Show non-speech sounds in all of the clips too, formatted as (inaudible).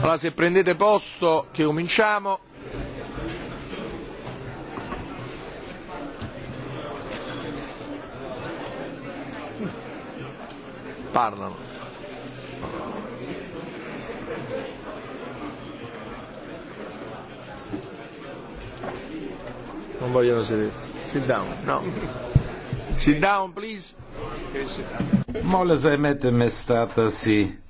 Allora se prendete posto che cominciamo. Parlano. Non vogliono sedersi. Sit down, no. Sit down, please. mette me stata sì.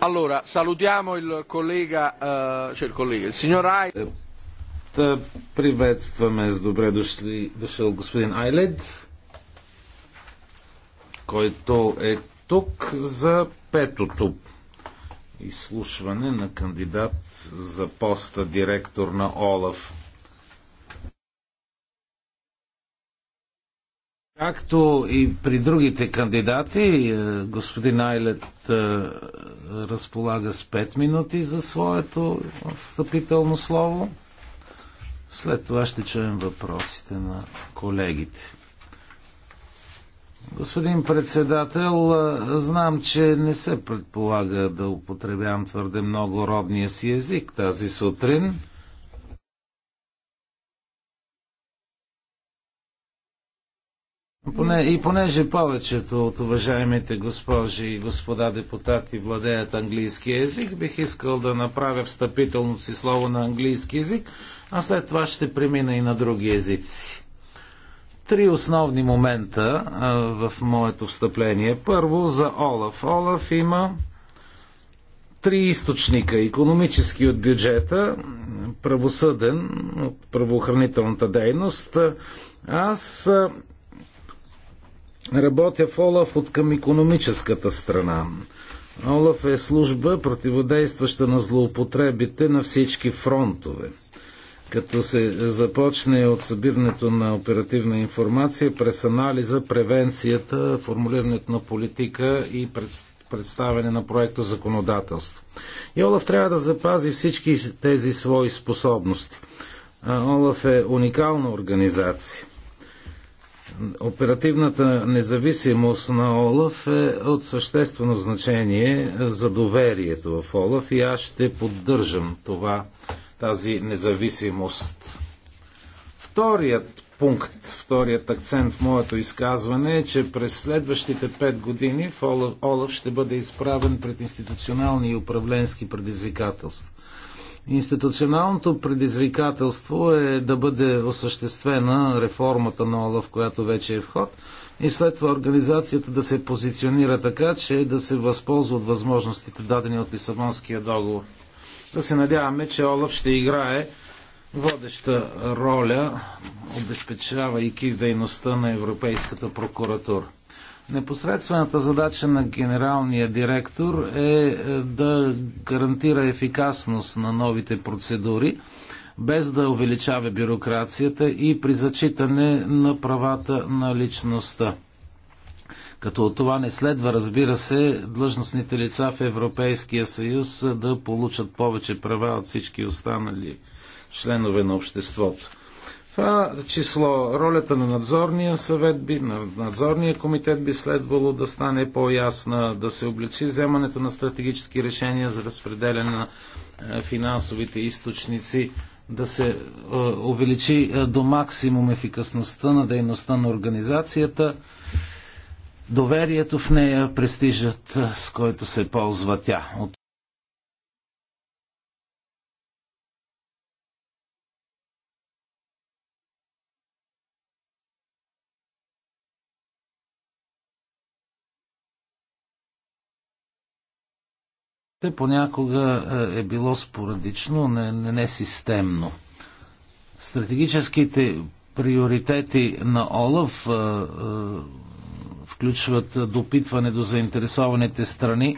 Allora, salutiamo il collega, eh, cioè il collega, il signor Да е, приветстваме с добре дошли, дошъл господин Айлед, който е тук за петото изслушване на кандидат за поста директор на ОЛАФ. Както и при другите кандидати, е, господин Айлет е, разполага с 5 минути за своето встъпително слово. След това ще чуем въпросите на колегите. Господин председател, е, знам, че не се предполага да употребявам твърде много родния си език тази сутрин. Поне, и понеже повечето от уважаемите госпожи и господа депутати владеят английски язик, бих искал да направя встъпително си слово на английски язик, а след това ще премина и на други езици. Три основни момента а, в моето встъпление. Първо за Олаф. Олаф има три източника. Економически от бюджета, правосъден от правоохранителната дейност. Аз Работя в Олаф от към економическата страна. Олаф е служба, противодействаща на злоупотребите на всички фронтове. Като се започне от събирането на оперативна информация, през анализа, превенцията, формулирането на политика и представяне на проекта законодателство. И Олаф трябва да запази всички тези свои способности. Олаф е уникална организация Оперативната независимост на Олаф е от съществено значение за доверието в Олаф и аз ще поддържам това, тази независимост. Вторият пункт, вторият акцент в моето изказване е, че през следващите пет години в Олаф ще бъде изправен пред институционални и управленски предизвикателства. Институционалното предизвикателство е да бъде осъществена реформата на ОЛАВ, която вече е в ход, и след това организацията да се позиционира така, че да се възползва от възможностите дадени от Лисабонския договор. Да се надяваме, че ОЛАВ ще играе водеща роля, обезпечавайки дейността на Европейската прокуратура. Непосредствената задача на генералния директор е, е да гарантира ефикасност на новите процедури, без да увеличава бюрокрацията и при зачитане на правата на личността. Като от това не следва, разбира се, длъжностните лица в Европейския съюз да получат повече права от всички останали членове на обществото това число ролята на надзорния съвет би, на надзорния комитет би следвало да стане по-ясна, да се обличи вземането на стратегически решения за разпределяне на е, финансовите източници, да се е, увеличи е, до максимум ефикасността на дейността на организацията, доверието в нея, престижът, с който се ползва тя. те понякога е, е било спорадично, не, не, не системно. Стратегическите приоритети на ОЛАВ е, е, включват допитване до заинтересованите страни,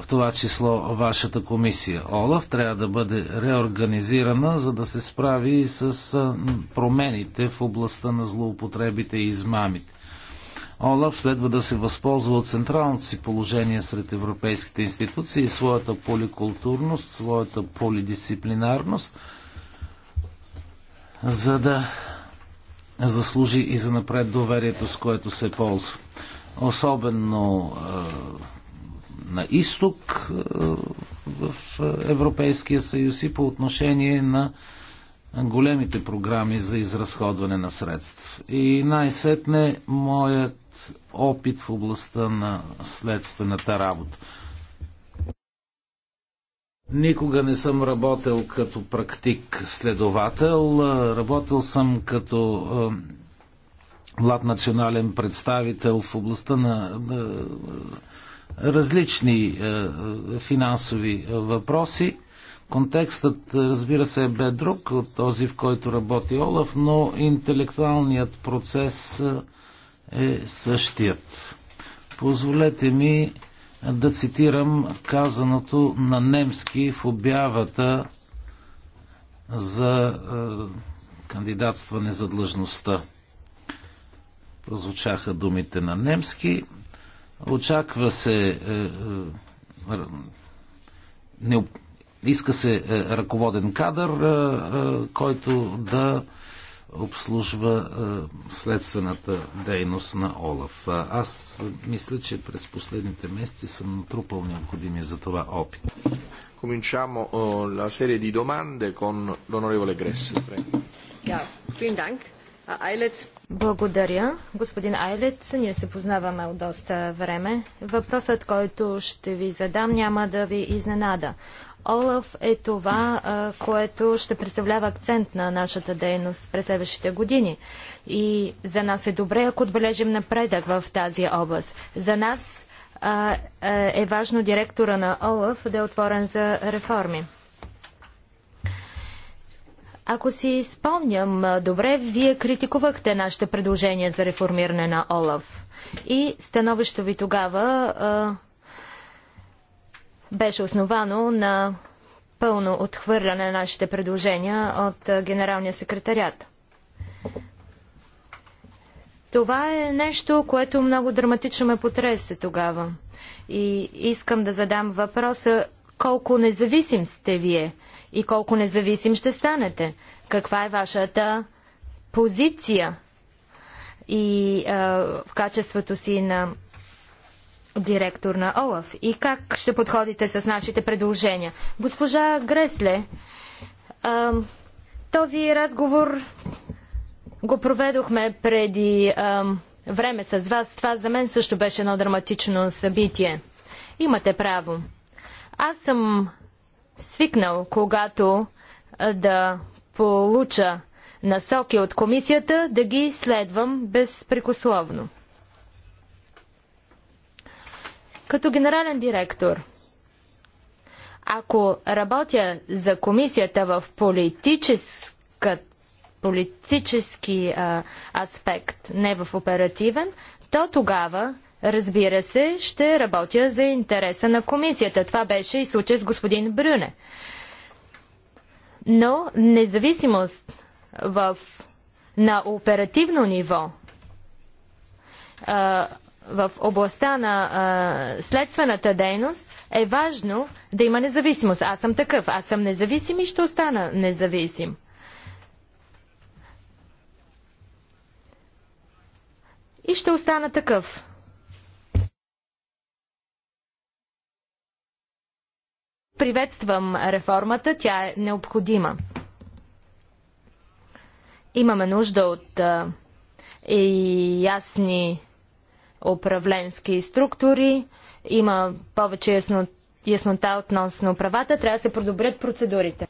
в това число вашата комисия. ОЛАВ трябва да бъде реорганизирана, за да се справи с е, промените в областта на злоупотребите и измамите. Олаф следва да се възползва от централното си положение сред европейските институции, своята поликултурност, своята полидисциплинарност, за да заслужи и за напред доверието, с което се ползва. Особено е, на изток е, в Европейския съюз и по отношение на големите програми за изразходване на средства. И най-сетне моят опит в областта на следствената работа. Никога не съм работил като практик следовател, работил съм като млад национален представител в областта на различни финансови въпроси. Контекстът, разбира се, е бе друг от този, в който работи Олаф, но интелектуалният процес е същият. Позволете ми да цитирам казаното на немски в обявата за е, кандидатстване за длъжността. Прозвучаха думите на немски. Очаква се. Е, е, не, иска се е, ръководен кадър, е, е, който да е, обслужва е, следствената дейност на Олаф. Аз мисля, че през последните месеци съм натрупал необходимия за това опит. Cominciamo la serie di domande con l'onorevole Gress. Благодаря. Господин Айлет, ние се познаваме от доста време. Въпросът, който ще ви задам, няма да ви изненада. Олаф е това, което ще представлява акцент на нашата дейност през следващите години. И за нас е добре, ако отбележим напредък в тази област. За нас е важно директора на ОЛАФ да е отворен за реформи. Ако си спомням добре, вие критикувахте нашите предложения за реформиране на ОЛАФ. И становището ви тогава беше основано на пълно отхвърляне на нашите предложения от Генералния секретарят. Това е нещо, което много драматично ме потресе тогава. И искам да задам въпроса колко независим сте вие и колко независим ще станете. Каква е вашата позиция и а, в качеството си на директор на ОЛАФ и как ще подходите с нашите предложения. Госпожа Гресле, а, този разговор го проведохме преди а, време с вас. Това за мен също беше едно драматично събитие. Имате право. Аз съм свикнал, когато а, да получа насоки от комисията, да ги следвам безпрекословно. Като генерален директор, ако работя за комисията в политически а, аспект, не в оперативен, то тогава Разбира се, ще работя за интереса на комисията. Това беше и случай с господин Брюне. Но независимост в, на оперативно ниво а, в областта на а, следствената дейност е важно да има независимост. Аз съм такъв. Аз съм независим и ще остана независим. И ще остана такъв. Приветствам реформата. Тя е необходима. Имаме нужда от а, и ясни управленски структури, има повече ясно, яснота относно правата, трябва да се подобрят процедурите.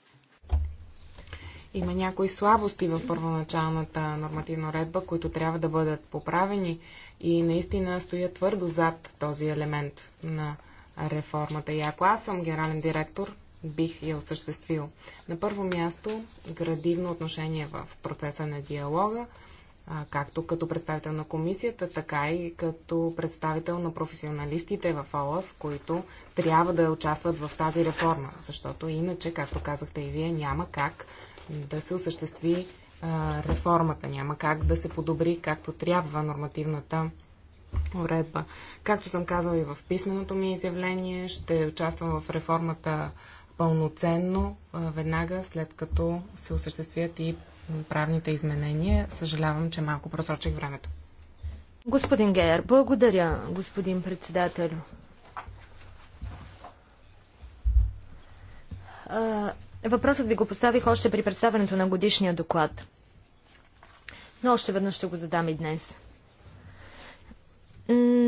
Има някои слабости в първоначалната нормативна редба, които трябва да бъдат поправени и наистина стоя твърдо зад този елемент на реформата. И ако аз съм генерален директор, бих я осъществил. На първо място, градивно отношение в процеса на диалога, както като представител на комисията, така и като представител на професионалистите в ОЛАФ, които трябва да участват в тази реформа. Защото иначе, както казахте и вие, няма как да се осъществи реформата, няма как да се подобри както трябва нормативната уредба. Както съм казала и в писменото ми изявление, ще участвам в реформата пълноценно, веднага след като се осъществят и правните изменения. Съжалявам, че малко просрочих времето. Господин Гейер, благодаря, господин председател. Въпросът ви го поставих още при представянето на годишния доклад. Но още веднъж ще го задам и днес.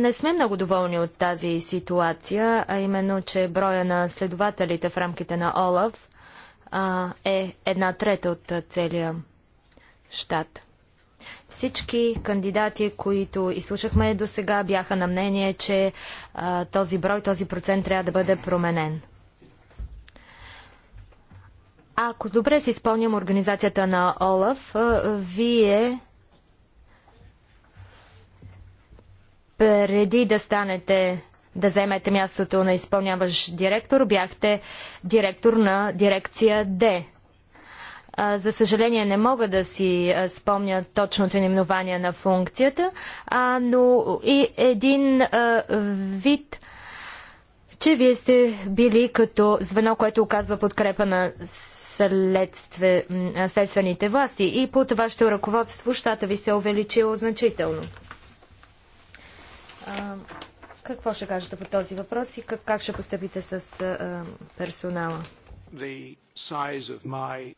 Не сме много доволни от тази ситуация, а именно, че броя на следователите в рамките на ОЛАВ а, е една трета от целия щат. Всички кандидати, които изслушахме до сега, бяха на мнение, че а, този брой, този процент трябва да бъде променен. Ако добре си изпълням организацията на ОЛАФ, а, вие преди да станете да вземете мястото на изпълняващ директор, бяхте директор на дирекция Д за съжаление не мога да си спомня точното наименование на функцията, но и един вид, че вие сте били като звено, което оказва подкрепа на следстве, следствените власти и под вашето ръководство щата ви се е увеличило значително. какво ще кажете по този въпрос и как, как ще поступите с а, персонала? The size of my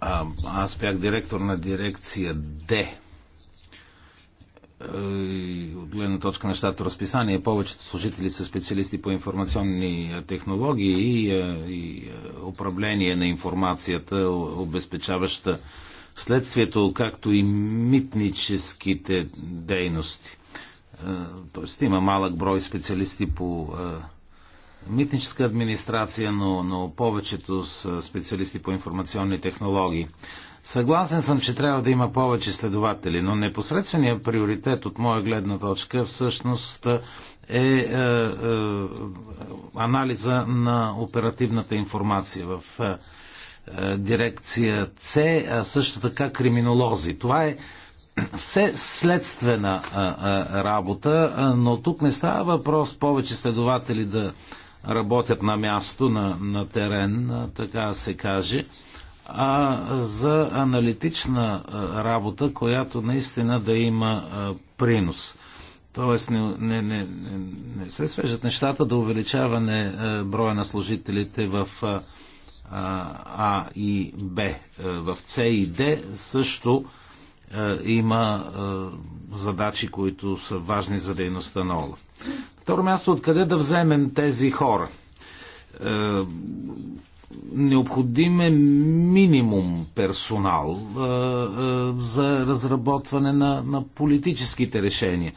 а, аз бях директор на дирекция Д. Е, от гледна точка на щато разписание, повечето служители са специалисти по информационни е, технологии и, е, и управление на информацията, обезпечаваща следствието, както и митническите дейности. Тоест има малък брой специалисти по митническа администрация, но, но повечето са специалисти по информационни технологии. Съгласен съм, че трябва да има повече следователи, но непосредственият приоритет от моя гледна точка всъщност е, е, е анализа на оперативната информация в е, е дирекция С, а също така криминолози. Това е все следствена а, а, работа, но тук не става въпрос повече следователи да работят на място, на, на терен, така се каже, а за аналитична работа, която наистина да има принос. Тоест не, не, не, не се свежат нещата до увеличаване броя на служителите в А и Б. В С и Д също е, има е, задачи, които са важни за дейността на ОЛАФ. Второ място, откъде да вземем тези хора? Е, необходим е минимум персонал за разработване на, на политическите решения.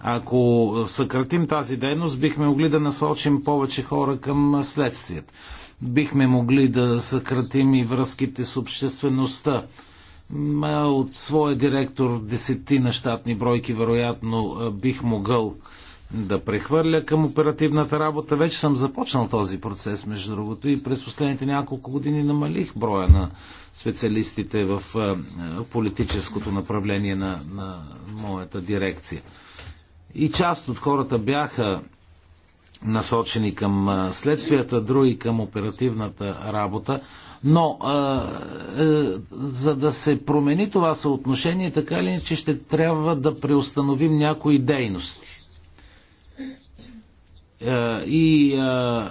Ако съкратим тази дейност, бихме могли да насочим повече хора към следствието. Бихме могли да съкратим и връзките с обществеността от своя директор десетина щатни бройки вероятно бих могъл да прехвърля към оперативната работа. Вече съм започнал този процес, между другото, и през последните няколко години намалих броя на специалистите в политическото направление на, на моята дирекция. И част от хората бяха насочени към следствията, други към оперативната работа. Но а, а, е, за да се промени това съотношение, така ли че ще трябва да преустановим някои дейности. А, е, и а, е,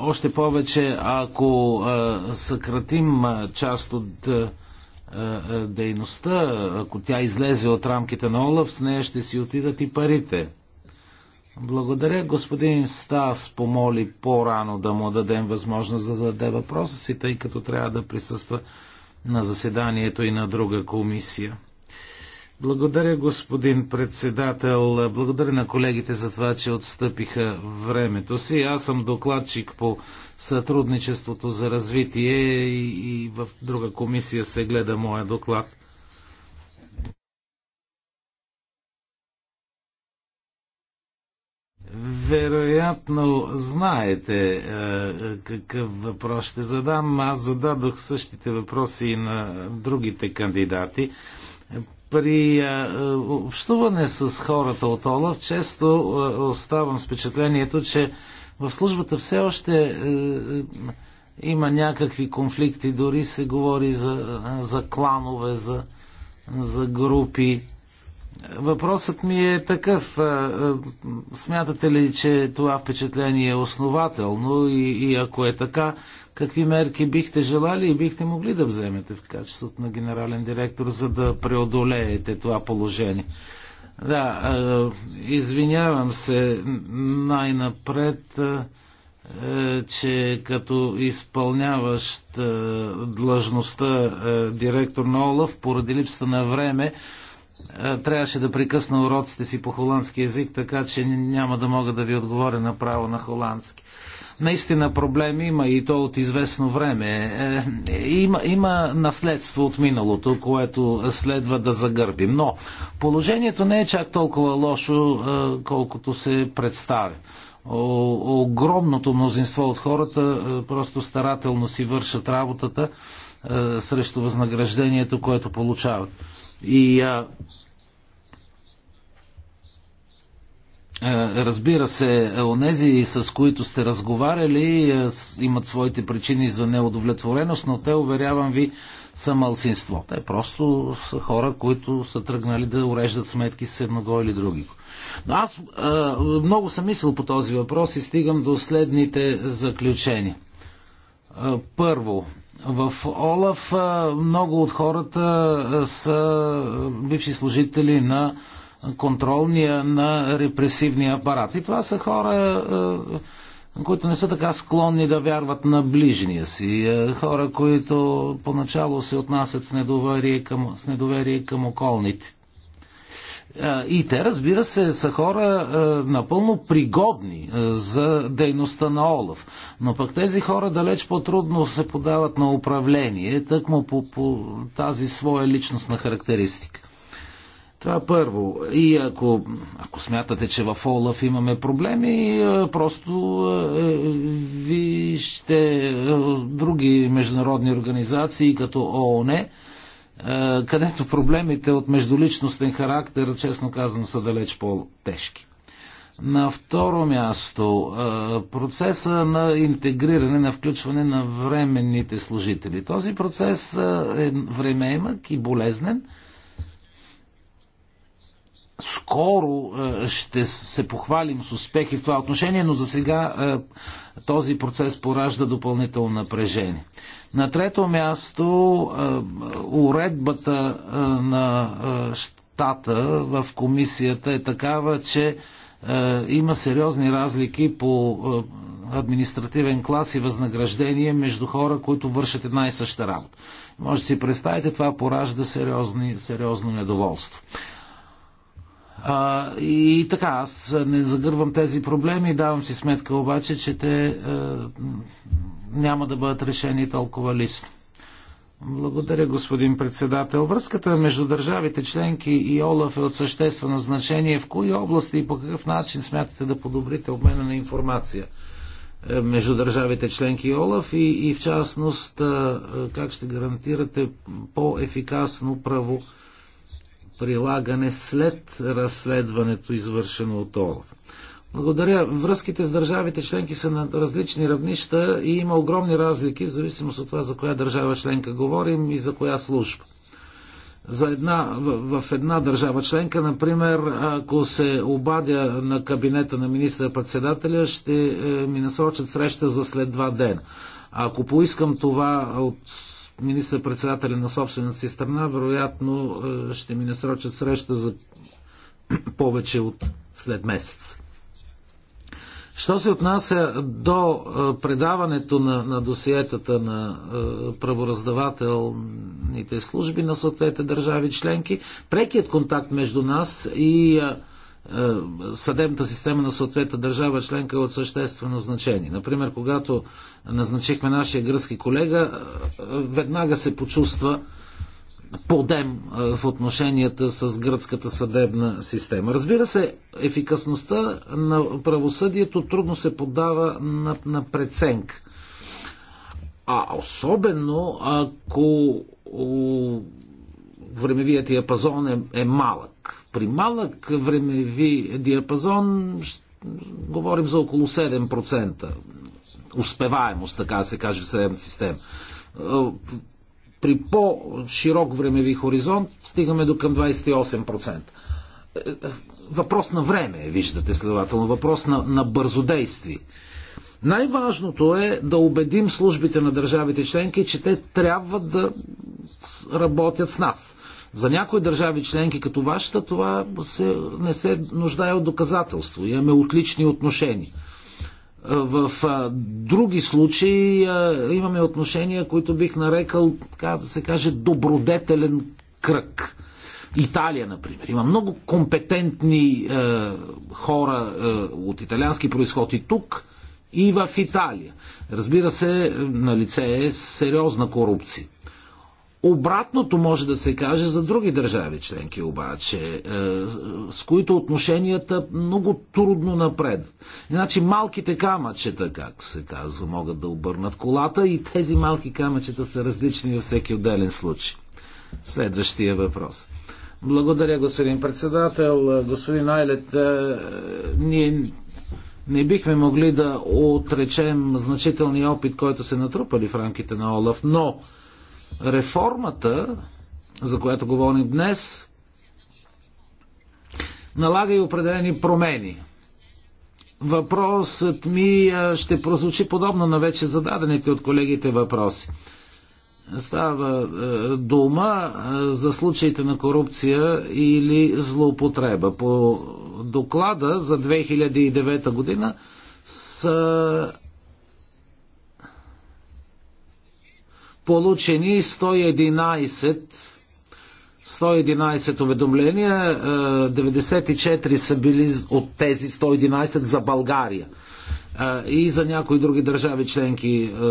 още повече, ако а, съкратим а, част от а, дейността, ако тя излезе от рамките на Олаф, с нея ще си отидат и парите. Благодаря. Господин Стас помоли по-рано да му дадем възможност да зададе въпроса си, тъй като трябва да присъства на заседанието и на друга комисия. Благодаря, господин председател. Благодаря на колегите за това, че отстъпиха времето си. Аз съм докладчик по сътрудничеството за развитие и, и в друга комисия се гледа моя доклад. Вероятно знаете е, какъв въпрос ще задам. Аз зададох същите въпроси и на другите кандидати. При е, е общуване с хората от Олаф често е, оставам с впечатлението, че в службата все още е, е има някакви конфликти, дори се говори за, за кланове, за, за групи. Въпросът ми е такъв. Е, е, смятате ли, че това впечатление е основателно и, и ако е така, какви мерки бихте желали и бихте могли да вземете в качеството на генерален директор, за да преодолеете това положение? Да, е, извинявам се най-напред, че като изпълняващ длъжността директор на Олаф, поради липсата на време, е, трябваше да прекъсна уроците си по холандски язик, така че няма да мога да ви отговоря направо на холандски. Наистина проблем има и то от известно време. Е, е, има, има наследство от миналото, което следва да загърбим. Но положението не е чак толкова лошо, колкото се представя. Огромното мнозинство от хората просто старателно си вършат работата е, срещу възнаграждението, което получават. И а, е, Разбира се, онези, с които сте разговаряли, е, имат своите причини за неудовлетвореност, но те, уверявам ви, са малцинство. Те просто са хора, които са тръгнали да уреждат сметки с едного или други. Но аз а, много съм мислил по този въпрос и стигам до следните заключения. А, първо, в Олаф много от хората са бивши служители на контролния, на репресивния апарат. И това са хора, които не са така склонни да вярват на ближния си. Хора, които поначало се отнасят с недоверие към, с недоверие към околните. И те, разбира се, са хора напълно пригодни за дейността на Олаф. Но пък тези хора далеч по-трудно се подават на управление, тъкмо по, по тази своя личностна характеристика. Това е първо. И ако, ако смятате, че в Олаф имаме проблеми, просто е, вижте други международни организации като ООН, е, където проблемите от междуличностен характер, честно казано, са далеч по-тежки. На второ място, е, процеса на интегриране, на включване на временните служители. Този процес е, е времеемък и болезнен – скоро е, ще се похвалим с успехи в това отношение, но за сега е, този процес поражда допълнително напрежение. На трето място е, уредбата на щата в комисията е такава, че има сериозни разлики по административен клас и възнаграждение между хора, които вършат една и съща работа. Може да си представите, това поражда сериозни, сериозно недоволство. А, и така, аз не загървам тези проблеми, давам си сметка обаче, че те а, е, няма да бъдат решени толкова лесно. Благодаря, господин председател. Връзката между държавите членки и ОЛАФ е от съществено значение. В кои области и по какъв начин смятате да подобрите обмена на информация е, между държавите членки и ОЛАФ и, и в частност е, как ще гарантирате по-ефикасно право прилагане след разследването, извършено от ОЛАФ. Благодаря. Връзките с държавите членки са на различни равнища и има огромни разлики в зависимост от това за коя държава членка говорим и за коя служба. За една, в, в една държава членка, например, ако се обадя на кабинета на министър-председателя, ще е, ми насрочат среща за след два дена. Ако поискам това от министър-председателя на собствената си страна, вероятно е, ще ми насрочат среща за (clears throat) повече от след месец. Що се отнася до е, предаването на, на досиетата на е, правораздавателните служби на съответните държави членки, прекият контакт между нас и е, съдебната система на съответната държава членка е от съществено значение. Например, когато назначихме нашия гръцки колега, е, веднага се почувства подем е, в отношенията с гръцката съдебна система. Разбира се, ефикасността на правосъдието трудно се поддава на, на преценка. А особено ако времевия диапазон е, е малък. При малък времеви диапазон говорим за около 7% успеваемост, така да се каже, в съдебната система. Е, при по-широк времеви хоризонт стигаме до към 28%. Е, е, въпрос на време, виждате следователно, въпрос на, на бързодействие. Най-важното е да убедим службите на държавите членки, че те трябва да работят с нас. За някои държави членки като вашата това се, не се нуждае от доказателство. Имаме отлични отношения. В а, други случаи а, имаме отношения, които бих нарекал, така да се каже, добродетелен кръг. Италия, например. Има много компетентни а, хора а, от италиански происход и тук, и в Италия. Разбира се, на лице е сериозна корупция. Обратното може да се каже за други държави членки обаче, е, с които отношенията много трудно напредат. Значи малките камъчета, както се казва, могат да обърнат колата и тези малки камъчета са различни във всеки отделен случай. Следващия въпрос. Благодаря, господин председател. Господин Айлет, е, ние не бихме могли да отречем значителния опит, който се натрупали в рамките на Олаф, но реформата, за която говорим днес, налага и определени промени. Въпросът ми ще прозвучи подобно на вече зададените от колегите въпроси. Става дума за случаите на корупция или злоупотреба по доклада за 2009 година са получени 111 111 уведомления, 94 е, са били от тези 111 за България и за някои други държави членки е,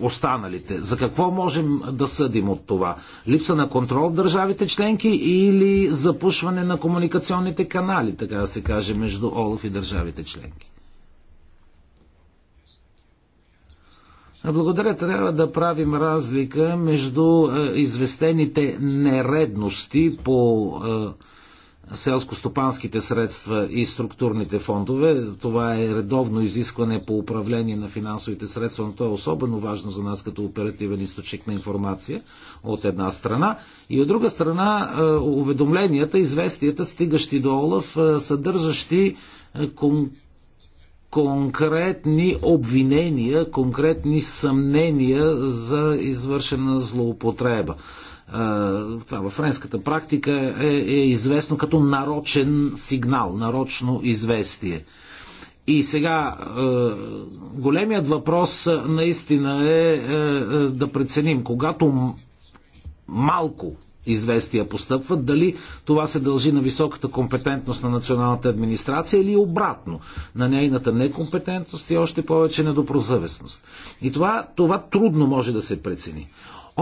останалите. За какво можем да съдим от това? Липса на контрол в държавите членки или запушване на комуникационните канали, така да се каже, между ОЛАФ и държавите членки? Благодаря, трябва да правим разлика между е, известените нередности по е, селско-стопанските средства и структурните фондове. Това е редовно изискване по управление на финансовите средства, но то е особено важно за нас като оперативен източник на информация от една страна. И от друга страна е, уведомленията, известията, стигащи до Олаф, е, съдържащи е, кон- конкретни обвинения, конкретни съмнения за извършена злоупотреба това във френската практика е, е известно като нарочен сигнал, нарочно известие. И сега е, големият въпрос наистина е, е, е да преценим, когато малко известия постъпват, дали това се дължи на високата компетентност на националната администрация или обратно, на нейната некомпетентност и още повече недоброзъвестност. И това, това трудно може да се прецени.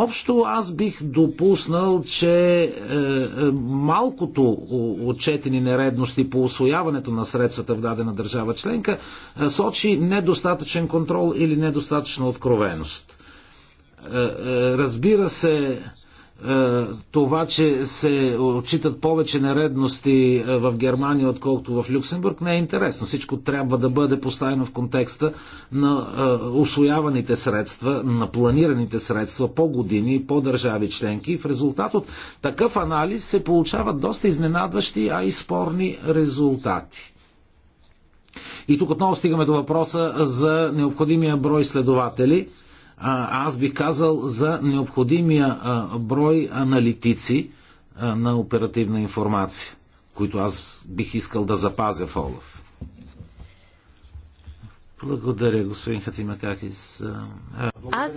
Общо аз бих допуснал, че е, е малкото отчетени нередности по освояването на средствата в дадена държава членка е, сочи недостатъчен контрол или недостатъчна откровеност. Е, е, разбира се, е, това, че се отчитат повече нередности е, в Германия, отколкото в Люксембург, не е интересно. Всичко трябва да бъде поставено в контекста на освояваните е, средства, на планираните средства по години по държави членки. И в резултат от такъв анализ се получават доста изненадващи, а и спорни резултати. И тук отново стигаме до въпроса за необходимия брой следователи – аз бих казал, за необходимия брой аналитици на оперативна информация, които аз бих искал да запазя в Олаф. Благодаря, господин Какис. Аз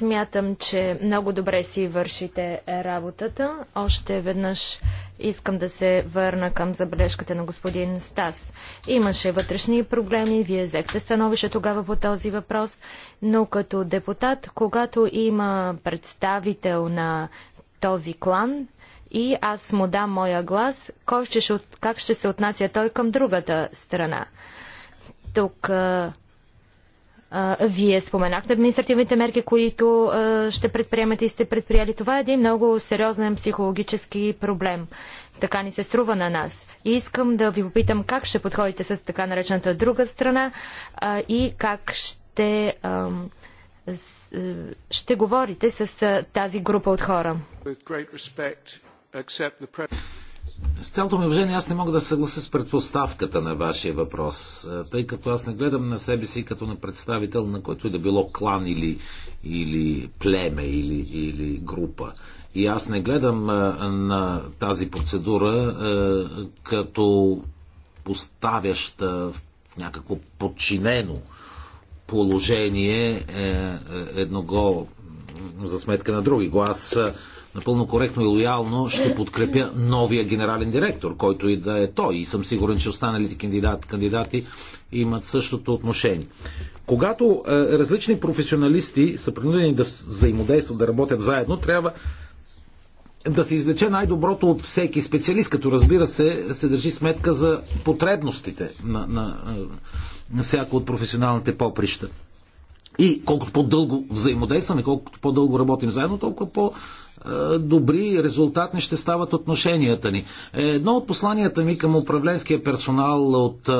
Смятам, че много добре си вършите работата. Още веднъж искам да се върна към забележката на господин Стас. Имаше вътрешни проблеми, вие взехте становище тогава по този въпрос, но като депутат, когато има представител на този клан, и аз му дам моя глас, кой ще, как ще се отнася той към другата страна. Тук вие споменахте административните мерки, които ще предприемете и сте предприели. Това е един много сериозен психологически проблем. Така ни се струва на нас. И искам да ви попитам как ще подходите с така наречената друга страна и как ще, ще говорите с тази група от хора. С цялото ми уважение, аз не мога да съглася с предпоставката на вашия въпрос, тъй като аз не гледам на себе си като на представител на който и да било клан или, или племе или, или група. И аз не гледам на тази процедура като поставяща в някакво подчинено положение е, е, едного за сметка на други. Аз напълно коректно и лоялно ще подкрепя новия генерален директор, който и да е той. И съм сигурен, че останалите кандидат, кандидати имат същото отношение. Когато е, различни професионалисти са принудени да взаимодействат, да работят заедно, трябва да се извлече най-доброто от всеки специалист, като разбира се, се държи сметка за потребностите на, на, е, на всяко от професионалните поприща. И колкото по-дълго взаимодействаме, колкото по-дълго работим заедно, толкова по- е, добри резултатни ще стават отношенията ни. Е, едно от посланията ми към управленския персонал от е,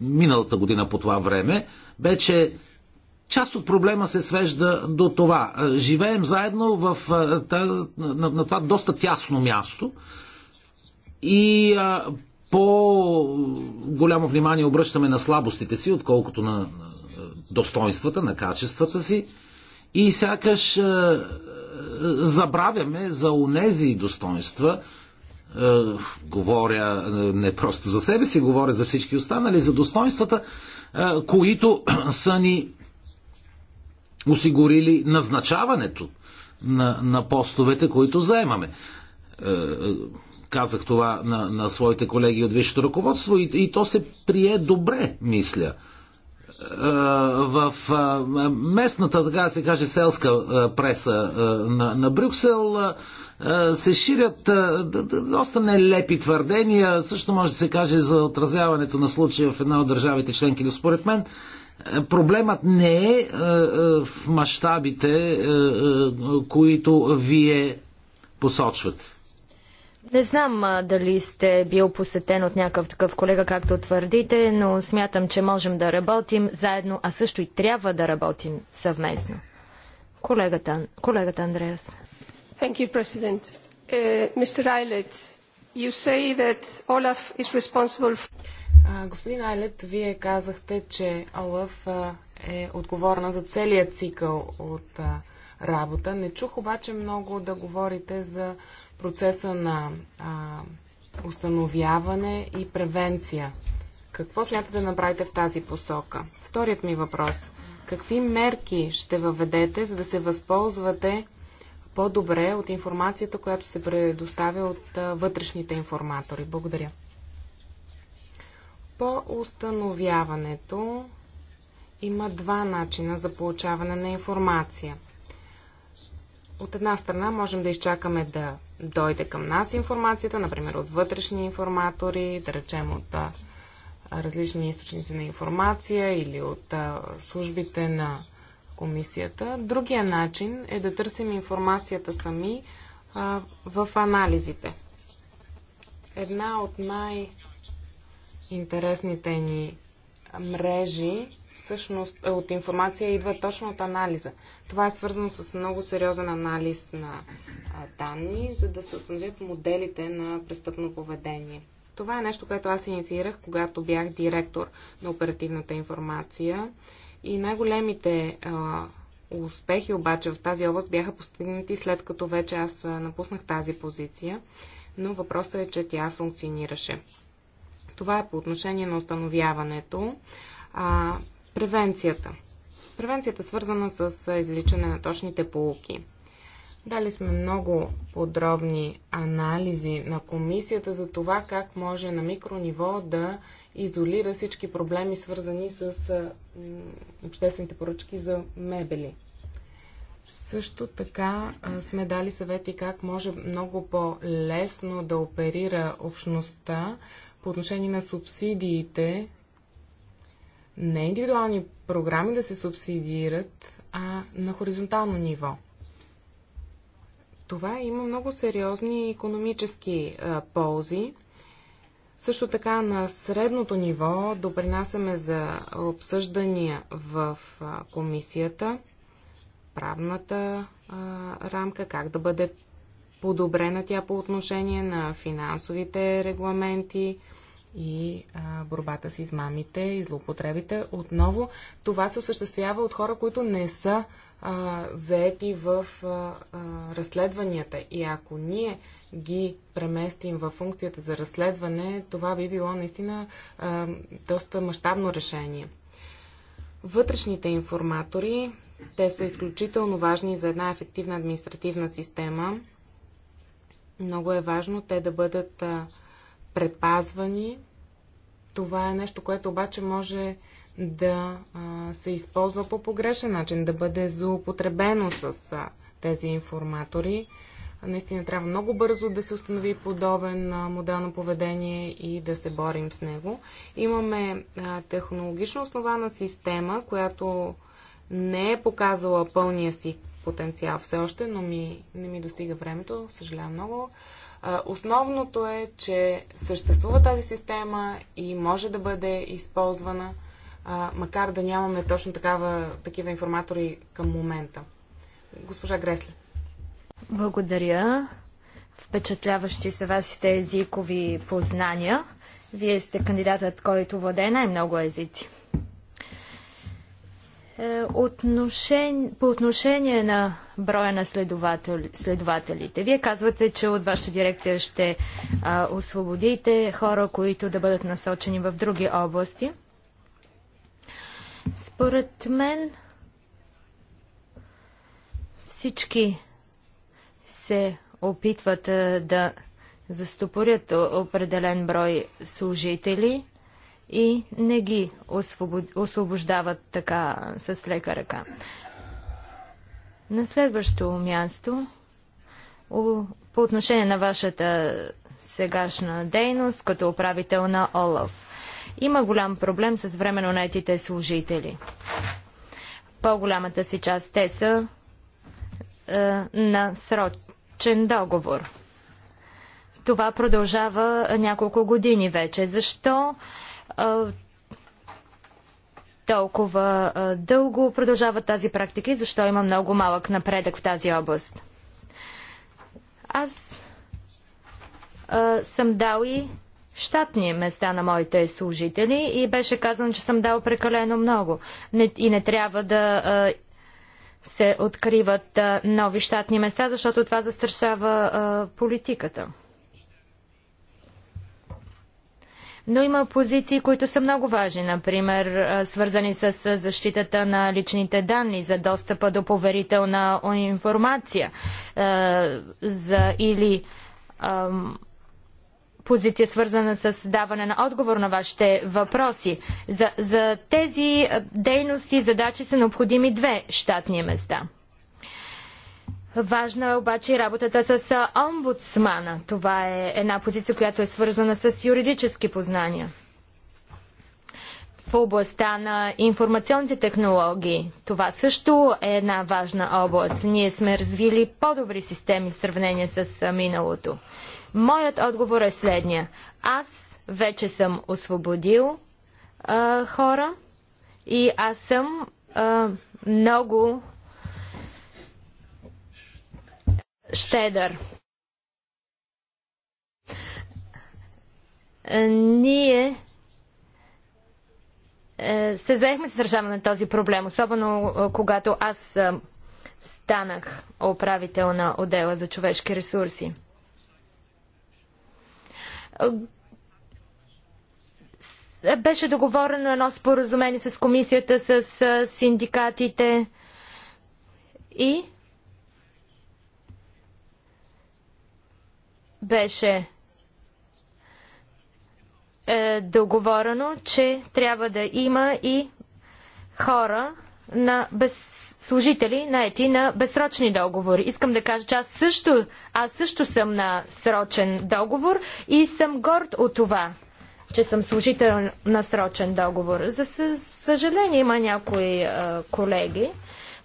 миналата година по това време бе, че част от проблема се свежда до това. Живеем заедно в, на това доста тясно място и по-голямо внимание обръщаме на слабостите си, отколкото на достоинствата, на качествата си. И сякаш забравяме за онези достоинства, е, говоря е, не просто за себе си, говоря за всички останали, за достоинствата, е, които (clears throat) са ни осигурили назначаването на, на постовете, които заемаме. казах това на, на своите колеги от висшето ръководство и, и то се прие добре, мисля в местната, така да се каже, селска преса на, на Брюксел се ширят доста нелепи твърдения, също може да се каже за отразяването на случая в една от държавите членки. Но според мен проблемът не е в мащабите, които вие посочвате. Не знам а, дали сте бил посетен от някакъв такъв колега, както твърдите, но смятам, че можем да работим заедно, а също и трябва да работим съвместно. Колегата, колегата Андреас. Thank you, President. Uh, Mr. Eilert, you say that Olaf is responsible for... Uh, господин Айлет, вие казахте, че Олаф uh, е отговорна за целият цикъл от uh, работа. Не чух обаче много да говорите за процеса на а, установяване и превенция. Какво смятате да направите в тази посока? Вторият ми въпрос. Какви мерки ще въведете, за да се възползвате по-добре от информацията, която се предоставя от а, вътрешните информатори? Благодаря. По установяването има два начина за получаване на информация – от една страна можем да изчакаме да дойде към нас информацията, например от вътрешни информатори, да речем от а, различни източници на информация или от а, службите на комисията. Другия начин е да търсим информацията сами а, в анализите. Една от най-интересните ни мрежи всъщност е, от информация идва точно от анализа. Това е свързано с много сериозен анализ на данни, за да се установят моделите на престъпно поведение. Това е нещо, което аз инициирах, когато бях директор на оперативната информация. И най-големите успехи обаче в тази област бяха постигнати след като вече аз напуснах тази позиция, но въпросът е, че тя функционираше. Това е по отношение на установяването. А, превенцията. Превенцията свързана с извличане на точните полуки. Дали сме много подробни анализи на комисията за това как може на микрониво да изолира всички проблеми, свързани с обществените поръчки за мебели. Също така сме дали съвети как може много по-лесно да оперира общността по отношение на субсидиите не индивидуални програми да се субсидират, а на хоризонтално ниво. Това има много сериозни економически а, ползи. Също така на средното ниво допринасяме за обсъждания в а, комисията, правната а, рамка, как да бъде подобрена тя по отношение на финансовите регламенти, и а, борбата с измамите и злоупотребите. Отново това се осъществява от хора, които не са а, заети в а, а, разследванията. И ако ние ги преместим в функцията за разследване, това би било наистина а, доста мащабно решение. Вътрешните информатори, те са изключително важни за една ефективна административна система. Много е важно те да бъдат а, предпазвани. Това е нещо, което обаче може да а, се използва по погрешен начин, да бъде злоупотребено с а, тези информатори. Наистина трябва много бързо да се установи подобен а, модел на поведение и да се борим с него. Имаме а, технологично основана система, която не е показала пълния си потенциал все още, но ми, не ми достига времето, съжалявам много. А, основното е, че съществува тази система и може да бъде използвана, а, макар да нямаме точно такава, такива информатори към момента. Госпожа Гресли. Благодаря. Впечатляващи са вашите езикови познания. Вие сте кандидатът, който владее най-много езици. Е, отношен... По отношение на броя на следовател... следователите, вие казвате, че от вашата дирекция ще а, освободите хора, които да бъдат насочени в други области. Според мен всички се опитват а, да застопорят определен брой служители и не ги освобождават така с лека ръка. На следващо място, по отношение на вашата сегашна дейност като управител на ОЛАФ. Има голям проблем с временно наетите служители. По-голямата си част те са е, на срочен договор. Това продължава няколко години вече. Защо? толкова дълго продължава тази практика и защо има много малък напредък в тази област. Аз а, съм дал и щатни места на моите служители и беше казано, че съм дал прекалено много. Не, и не трябва да а, се откриват а, нови щатни места, защото това застрашава а, политиката. Но има позиции, които са много важни, например, свързани с защитата на личните данни, за достъпа до поверителна информация за или позиция, свързана с даване на отговор на вашите въпроси. За, за тези дейности и задачи са необходими две щатни места. Важна е обаче и работата с омбудсмана. Това е една позиция, която е свързана с юридически познания. В областта на информационните технологии. Това също е една важна област. Ние сме развили по-добри системи в сравнение с миналото. Моят отговор е следния. Аз вече съм освободил а, хора и аз съм а, много щедър. Е, ние е, се заехме с решаване на този проблем, особено е, когато аз станах управител на отдела за човешки ресурси. Беше договорено едно споразумение с комисията, с синдикатите и беше е, договорено, че трябва да има и хора на без служители наети на безсрочни договори. Искам да кажа, че аз също, аз също съм на срочен договор и съм горд от това, че съм служител на срочен договор. За съжаление има някои е, колеги,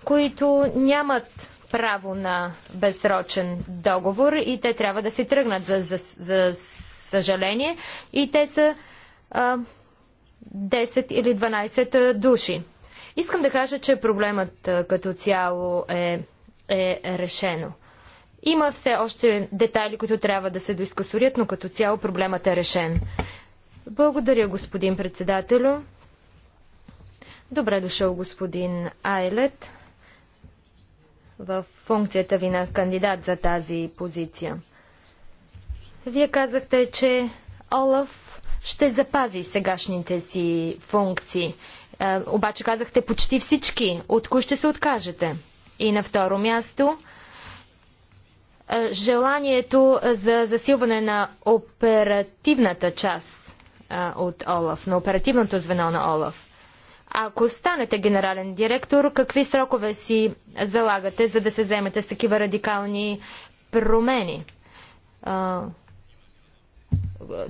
които нямат право на безсрочен договор и те трябва да си тръгнат за, за, за съжаление и те са а, 10 или 12 души. Искам да кажа, че проблемът а, като цяло е, е решено. Има все още детайли, които трябва да се доискусорят, но като цяло проблемът е решен. Благодаря, господин председателю. Добре дошъл, господин Айлет в функцията ви на кандидат за тази позиция. Вие казахте, че Олаф ще запази сегашните си функции. Е, обаче казахте почти всички. От кои ще се откажете? И на второ място, е, желанието за засилване на оперативната част е, от Олаф, на оперативното звено на Олаф. Ако станете генерален директор, какви срокове си залагате, за да се вземете с такива радикални промени? А,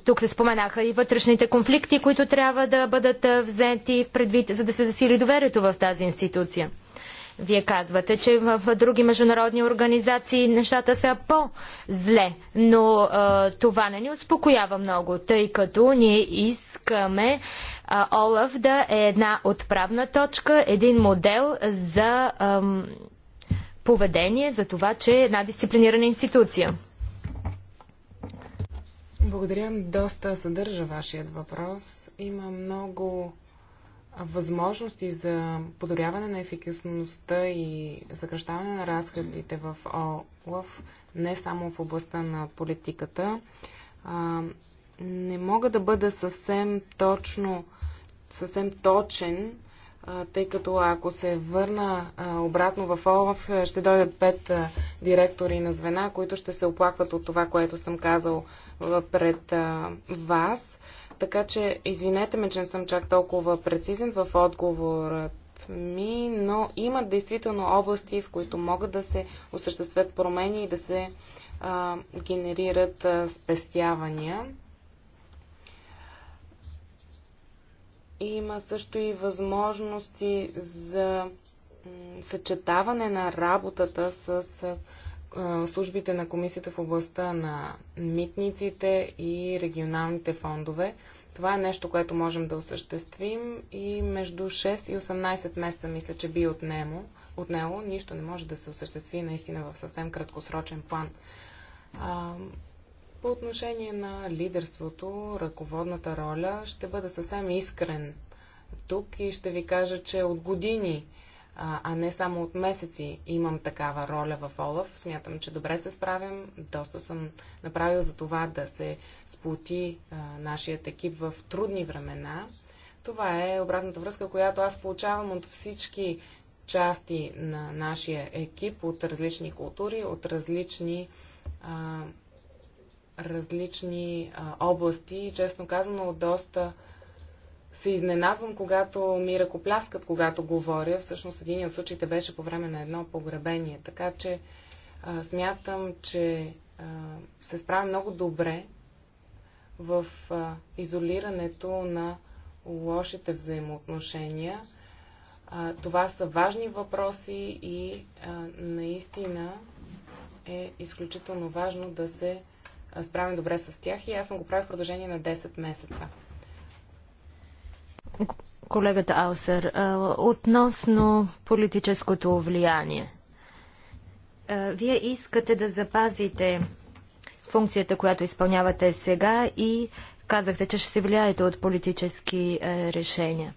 тук се споменаха и вътрешните конфликти, които трябва да бъдат взети предвид, за да се засили доверието в тази институция. Вие казвате, че в други международни организации нещата са по-зле, но а, това не ни успокоява много, тъй като ние искаме а, Олаф да е една отправна точка, един модел за ам, поведение, за това, че е една дисциплинирана институция. Благодаря. Доста съдържа вашият въпрос. Има много възможности за подобряване на ефикасността и съкръщаване на разходите в ОЛАФ, не само в областта на политиката, а, не мога да бъда съвсем точно, съвсем точен, а, тъй като ако се върна а, обратно в ОЛАФ, ще дойдат пет а, директори на звена, които ще се оплакват от това, което съм казал пред вас така че извинете ме, че не съм чак толкова прецизен в отговорът ми, но има действително области, в които могат да се осъществят промени и да се а, генерират а, спестявания. Има също и възможности за съчетаване на работата с службите на комисията в областта на митниците и регионалните фондове. Това е нещо, което можем да осъществим и между 6 и 18 месеца мисля, че би отнемо, отнело. Нищо не може да се осъществи наистина в съвсем краткосрочен план. А, по отношение на лидерството, ръководната роля, ще бъда съвсем искрен тук и ще ви кажа, че от години а не само от месеци имам такава роля в Олаф. Смятам, че добре се справям. Доста съм направил за това да се сплоти нашият екип в трудни времена. Това е обратната връзка, която аз получавам от всички части на нашия екип от различни култури, от различни, а, различни а, области. Честно казано, от доста се изненадвам, когато ми ръкопляскат, когато говоря. Всъщност един от случаите беше по време на едно погребение. Така че а, смятам, че а, се справя много добре в а, изолирането на лошите взаимоотношения. А, това са важни въпроси и а, наистина е изключително важно да се справим добре с тях и аз съм го правил в продължение на 10 месеца колегата Алсър, относно политическото влияние. Вие искате да запазите функцията, която изпълнявате сега и казахте, че ще се влияете от политически е, решения.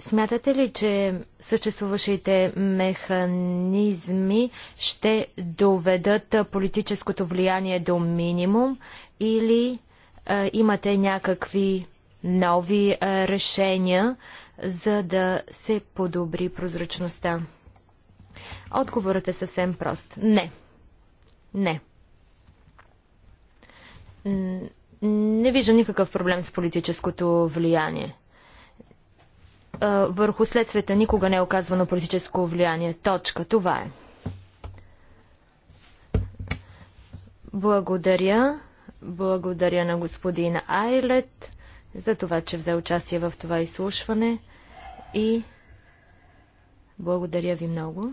Смятате ли, че съществуващите механизми ще доведат политическото влияние до минимум или а, е, имате някакви нови решения, за да се подобри прозрачността? Отговорът е съвсем прост. Не. Не. Не виждам никакъв проблем с политическото влияние. Върху следствията никога не е оказвано политическо влияние. Точка. Това е. Благодаря. Благодаря на господин Айлет за това, че взе участие в това изслушване и благодаря ви много.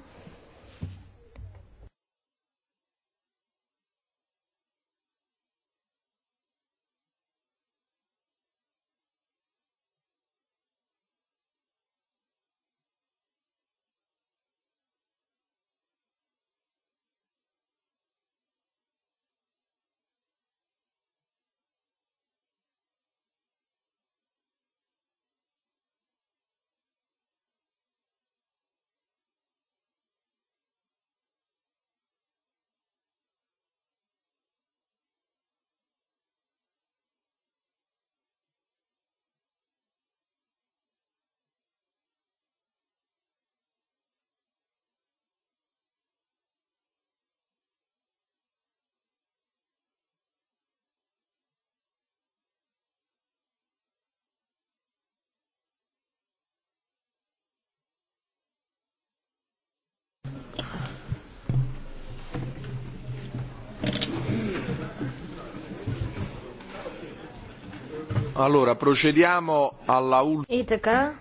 Allora, procediamo alla И така,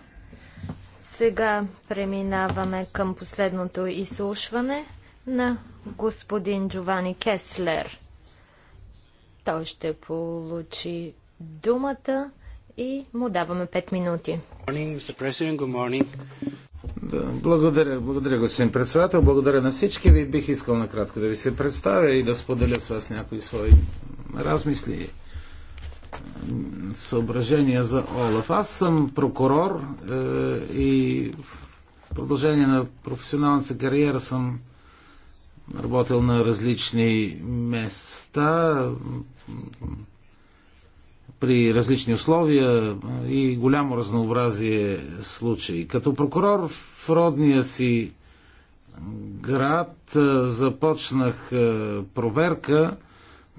сега преминаваме към последното изслушване на господин Джовани Кеслер. Той ще получи думата и му даваме 5 минути. Да, благодаря, благодаря, господин председател. Благодаря на всички ви. Бих искал накратко да ви се представя и да споделя с вас някои свои размисли съображения за Олаф. Аз съм прокурор е, и в продължение на професионалната си кариера съм работил на различни места при различни условия и голямо разнообразие случаи. Като прокурор в родния си град е, започнах е, проверка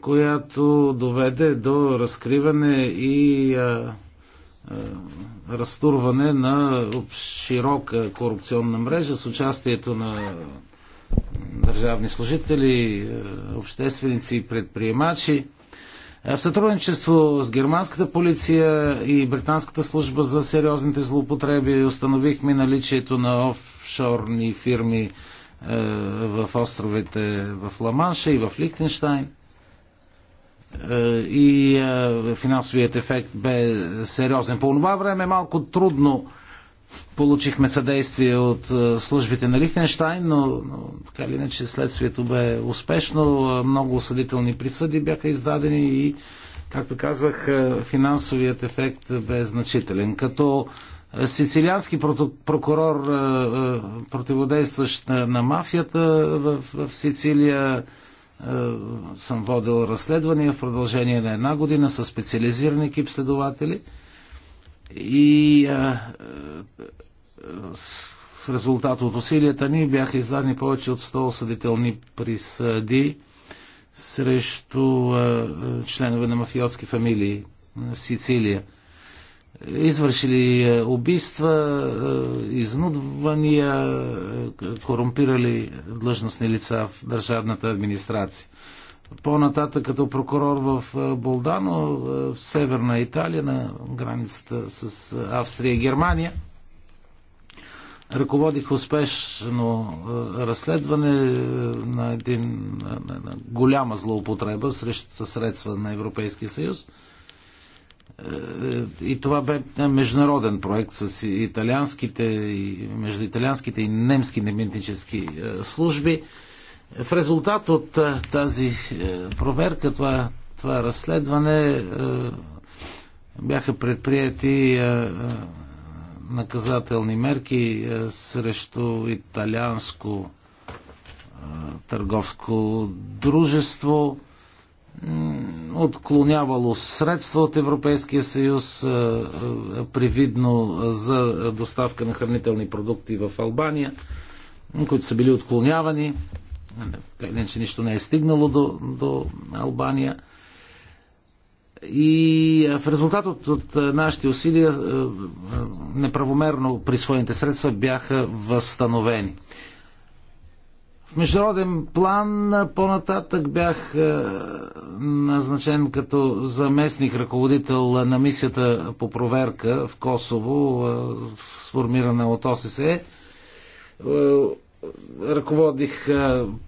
която доведе до разкриване и а, а, разтурване на широка корупционна мрежа с участието на държавни служители, общественици и предприемачи. В сътрудничество с германската полиция и британската служба за сериозните злоупотреби установихме наличието на офшорни фирми в островите в Ламанша и в Лихтенштайн. Е, и е, финансовият ефект бе сериозен. По това време малко трудно получихме съдействие от е, службите на Лихтенштайн, но, но така или иначе следствието бе успешно. Много осъдителни присъди бяха издадени и, както казах, финансовият ефект бе значителен. Като сицилиански прокурор, противодействащ на мафията в, в Сицилия, е, съм водил разследвания в продължение на една година с специализиран екип следователи и а, е, в е, резултат от усилията ни бяха издадени повече от 100 осъдителни присъди срещу а, членове на мафиотски фамилии в Сицилия извършили е, убийства, е, изнудвания, е, корумпирали длъжностни лица в държавната администрация. По-нататък като прокурор в Болдано, в северна Италия, на границата с Австрия и Германия, ръководих успешно разследване на един на, на, на голяма злоупотреба срещу средства на Европейския съюз – и това бе международен проект с италианските между италианските и немски неминтически е, служби. В резултат от е, тази е, проверка, това, това разследване, бяха предприяти наказателни мерки срещу италианско търговско дружество отклонявало средства от Европейския съюз, е, е, привидно за доставка на хранителни продукти в Албания, които са били отклонявани. Не, че нищо не е стигнало до, до Албания. И е, в резултат от, от нашите усилия неправомерно присвоените средства бяха възстановени. В международен план по-нататък бях назначен като заместник ръководител на мисията по проверка в Косово, сформирана от ОССЕ. Ръководих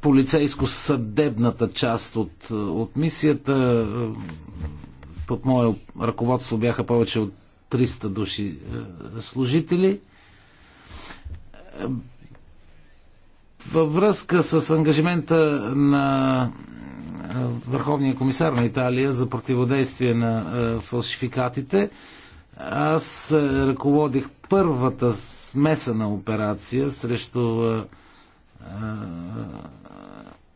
полицейско-съдебната част от, от мисията. Под мое ръководство бяха повече от 300 души служители във връзка с ангажимента на Върховния комисар на Италия за противодействие на фалшификатите, аз ръководих първата смесена операция срещу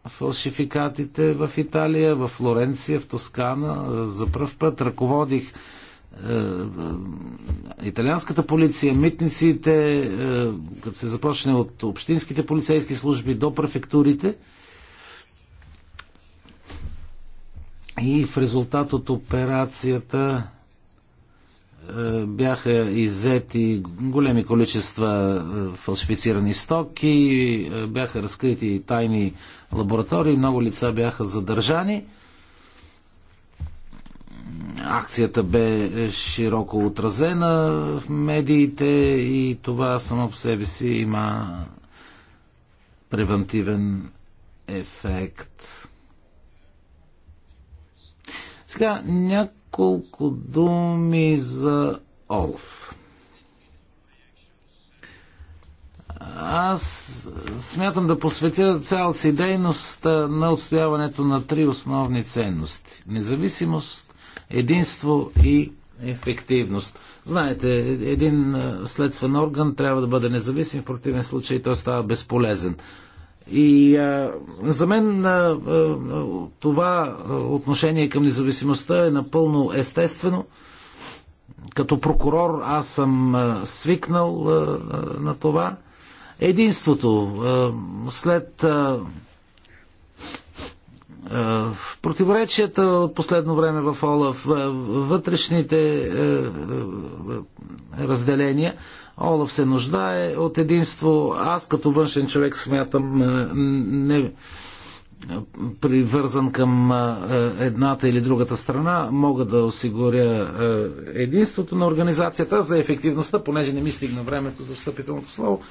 фалшификатите в Италия, в Флоренция, в Тоскана. За първ път ръководих е, е, италианската полиция, митниците, е, като се започне от общинските полицейски служби до префектурите. И в резултат от операцията бяха иззети големи количества фалшифицирани стоки, бяха разкрити тайни лаборатории, много лица бяха задържани. Акцията бе широко отразена в медиите и това само по себе си има превентивен ефект. Сега няколко думи за Олф. Аз смятам да посветя цялата си дейност на отстояването на три основни ценности. Независимост, единство и ефективност. Знаете, един следствен орган трябва да бъде независим, в противен случай той става безполезен. И а, за мен а, а, това отношение към независимостта е напълно естествено. Като прокурор аз съм а, свикнал а, на това. Единството а, след. А, е, в Противоречията от последно време в Олаф, е, вътрешните е, разделения, Олаф се нуждае от единство. Аз като външен човек смятам не привързан към е, едната или другата страна, мога да осигуря е, единството на организацията за ефективността, понеже не ми стигна времето за встъпителното слово.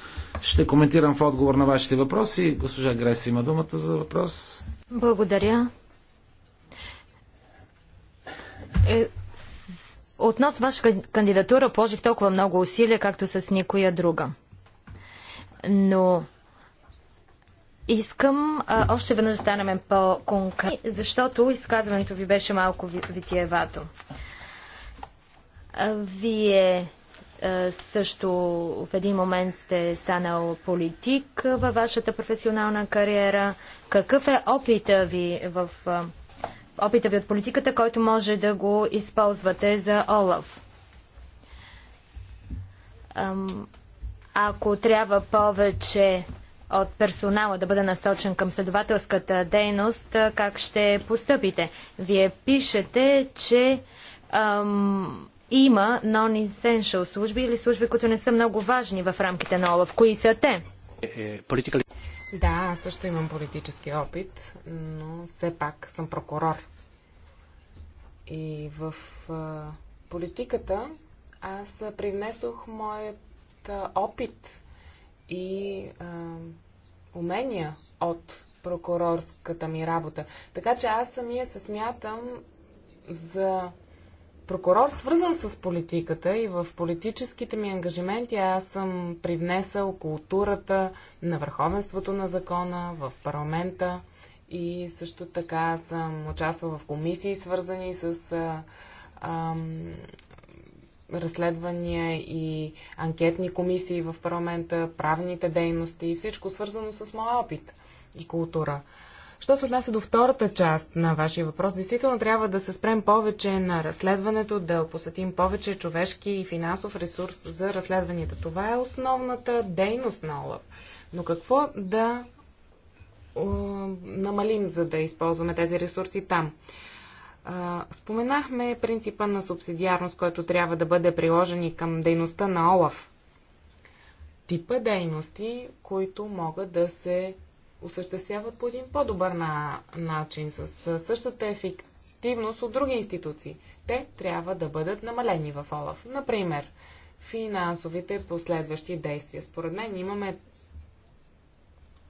Ще коментирам в отговор на вашите въпроси. Госпожа Грес има думата за въпрос. Благодаря. Е, относно ваша кандидатура положих толкова много усилия, както с никоя друга. Но Искам а, още веднъж да станем по-конкретни, защото изказването ви беше малко витиевато. Вие също в един момент сте станал политик във вашата професионална кариера. Какъв е опита ви в опита ви от политиката, който може да го използвате за Олаф? Ако трябва повече от персонала да бъде насочен към следователската дейност, как ще постъпите? Вие пишете, че ам, има non-essential служби или служби, които не са много важни в рамките на ОЛАФ. Кои са те? Political... Е, е, да, аз също имам политически опит, но все пак съм прокурор. И в политиката аз привнесох моят опит и а, умения от прокурорската ми работа. Така че аз самия се смятам за прокурор, свързан с политиката и в политическите ми ангажименти аз съм привнесъл културата на върховенството на закона в парламента и също така съм участвал в комисии, свързани с а, а, разследвания и анкетни комисии в парламента, правните дейности и всичко свързано с моя опит и култура. Що се отнася до втората част на вашия въпрос, действително трябва да се спрем повече на разследването, да посетим повече човешки и финансов ресурс за разследванията. Това е основната дейност на ОЛАФ. Но какво да намалим, за да използваме тези ресурси там? Споменахме принципа на субсидиарност, който трябва да бъде приложен и към дейността на ОЛАФ. Типа дейности, които могат да се осъществяват по един по-добър на, начин, с същата ефективност от други институции. Те трябва да бъдат намалени в ОЛАФ. Например, финансовите последващи действия. Според мен имаме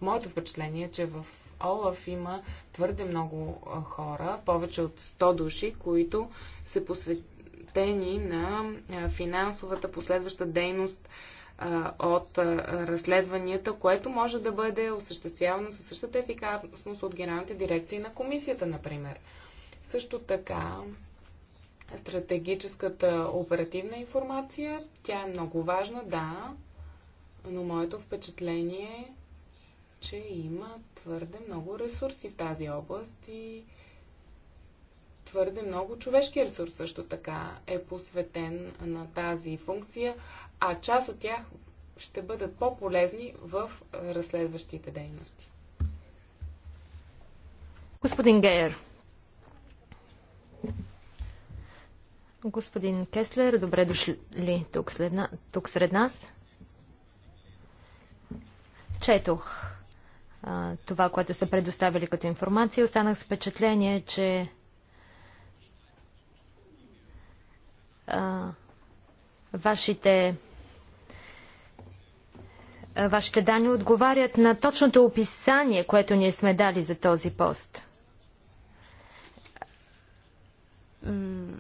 моето впечатление, че в Олаф има твърде много хора, повече от 100 души, които се посветени на финансовата последваща дейност от разследванията, което може да бъде осъществявано със същата ефикасност от генералните дирекции на комисията, например. Също така, стратегическата оперативна информация, тя е много важна, да, но моето впечатление е че има твърде много ресурси в тази област и твърде много човешки ресурс също така е посветен на тази функция, а част от тях ще бъдат по-полезни в разследващите дейности. Господин Гейер. Господин Кеслер, добре дошли тук, след, тук сред нас. Четох това, което са предоставили като информация. Останах с впечатление, че а, вашите а, вашите данни отговарят на точното описание, което ние сме дали за този пост.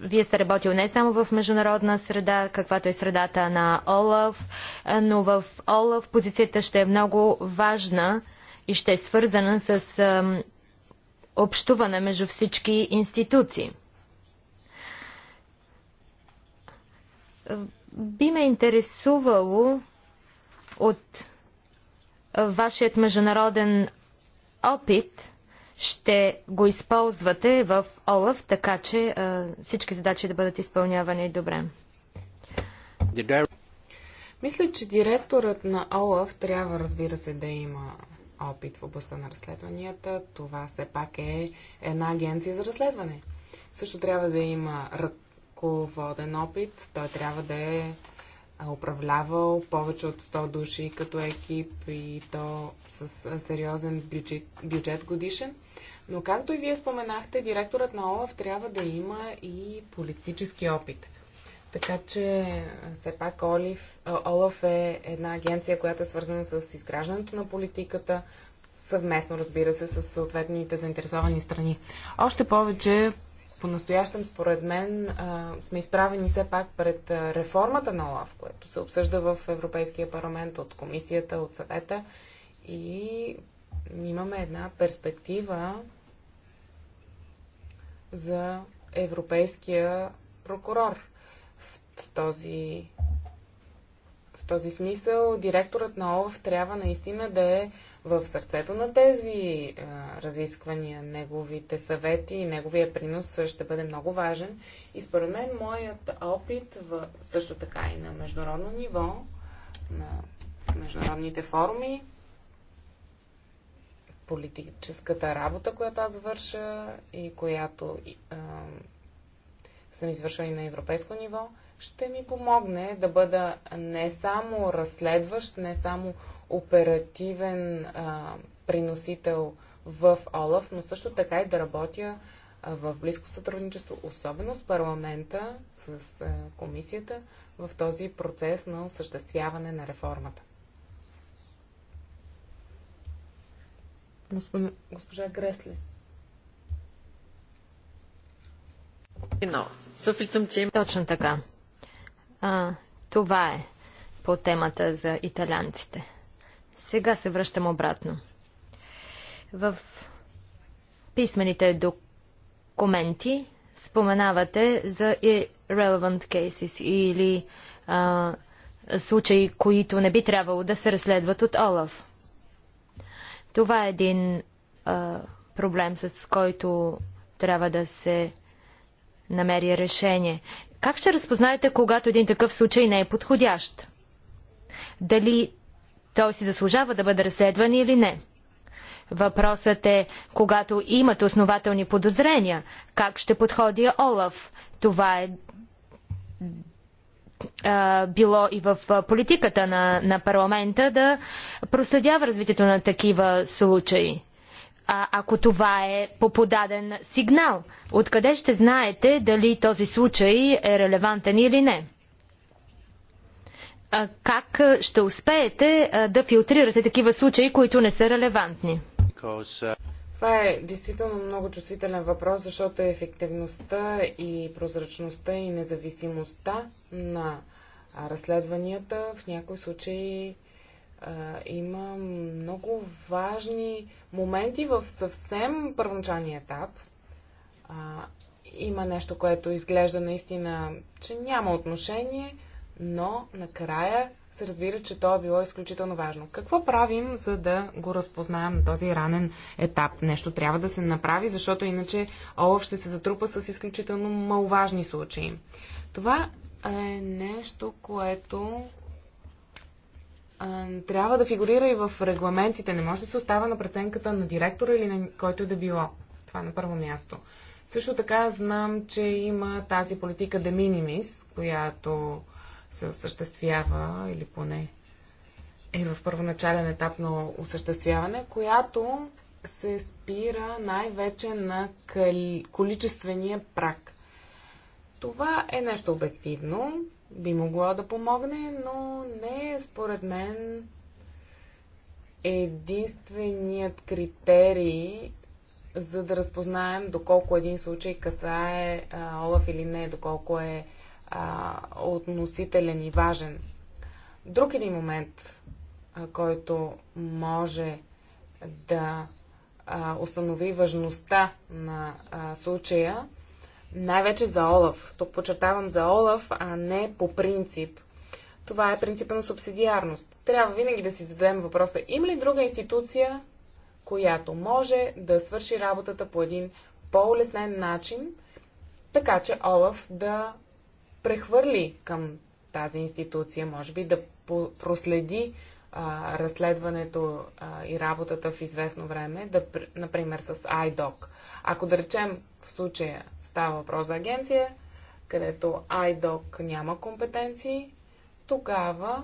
Вие сте работил не само в международна среда, каквато е средата на Олаф, но в Олаф позицията ще е много важна и ще е свързана с общуване между всички институции. Би ме интересувало от вашият международен опит ще го използвате в ОЛАФ, така че а, всички задачи да бъдат изпълнявани добре. Мисля, че директорът на ОЛАФ трябва, разбира се, да има опит в областта на разследванията. Това все пак е една агенция за разследване. Също трябва да има ръководен опит. Той трябва да е управлявал повече от 100 души като екип и то с сериозен бюджет, бюджет годишен. Но както и вие споменахте, директорът на ОЛАВ трябва да има и политически опит. Така че, все пак, Олив, Олаф е една агенция, която е свързана с изграждането на политиката, съвместно, разбира се, с съответните заинтересовани страни. Още повече, по-настоящем, според мен, сме изправени все пак пред реформата на ОЛАВ, което се обсъжда в Европейския парламент от комисията, от съвета и имаме една перспектива за европейския прокурор този, в този смисъл директорът на ОВ трябва наистина да е в сърцето на тези а, е, разисквания. Неговите съвети и неговия принос ще бъде много важен. И според мен моят опит в, също така и на международно ниво, на международните форуми, политическата работа, която аз върша и която а, съм и на европейско ниво, ще ми помогне да бъда не само разследващ, не само оперативен а, приносител в ОЛАФ, но също така и да работя в близко сътрудничество, особено с парламента, с а, комисията, в този процес на осъществяване на реформата. Госпожа Гресли. Точно така. А, това е по темата за италянците. Сега се връщам обратно. В писмените документи споменавате за irrelevant cases или а, случаи, които не би трябвало да се разследват от Олаф. Това е един а, проблем, с който трябва да се намери решение. Как ще разпознаете, когато един такъв случай не е подходящ? Дали той си заслужава да бъде разследван или не? Въпросът е, когато имате основателни подозрения, как ще подходи Олаф? Това е било и в политиката на, на парламента да проследява развитието на такива случаи а, ако това е по подаден сигнал? Откъде ще знаете дали този случай е релевантен или не? А, как ще успеете а, да филтрирате такива случаи, които не са релевантни? Това е действително много чувствителен въпрос, защото ефективността и прозрачността и независимостта на разследванията в някои случаи има много важни моменти в съвсем първоначалния етап. А, има нещо, което изглежда наистина, че няма отношение, но накрая се разбира, че то е било изключително важно. Какво правим, за да го разпознаем на този ранен етап? Нещо трябва да се направи, защото иначе ОЛАФ ще се затрупа с изключително маловажни случаи. Това е нещо, което трябва да фигурира и в регламентите. Не може да се остава на преценката на директора или на който и да било. Това е на първо място. Също така знам, че има тази политика de minimis, която се осъществява или поне е в първоначален етап на осъществяване, която се спира най-вече на количествения прак. Това е нещо обективно, би могло да помогне, но не е според мен единственият критерий, за да разпознаем доколко един случай касае а, Олаф или не, доколко е а, относителен и важен. Друг един момент, а, който може да а, установи важността на а, случая, най-вече за Олаф. Тук подчертавам за Олаф, а не по принцип. Това е принципа на субсидиарност. Трябва винаги да си зададем въпроса, има ли друга институция, която може да свърши работата по един по-улеснен начин, така че Олаф да прехвърли към тази институция, може би да проследи а, разследването а, и работата в известно време, да, например с IDOC. Ако да речем в случая става въпрос за агенция, където IDOC няма компетенции, тогава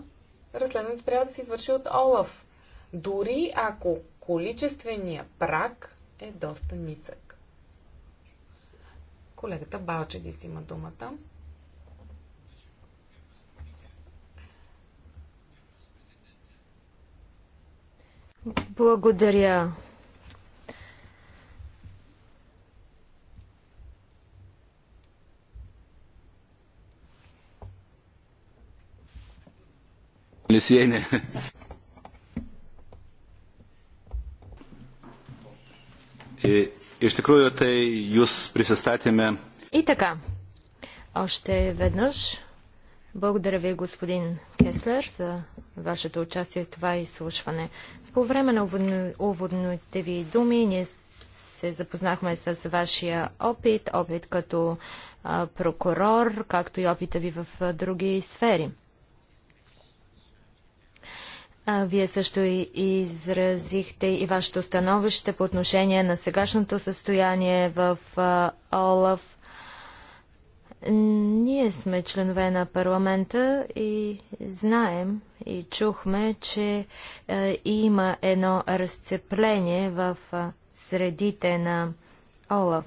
разследването трябва да се извърши от ОЛАФ. Дори ако количествения прак е доста нисък. Колегата Балчедис има думата. Благодаря. Iš tikrųjų, tai jūs prisistatėme. И така, още веднъж благодаря ви, господин Кеслер, за вашето участие в това изслушване. По време на уводните ви думи ние се запознахме с вашия опит, опит като прокурор, както и опита ви в други сфери. вие също и изразихте и вашето становище по отношение на сегашното състояние в ОЛАФ ние сме членове на парламента и знаем и чухме, че е, има едно разцепление в е, средите на Олаф.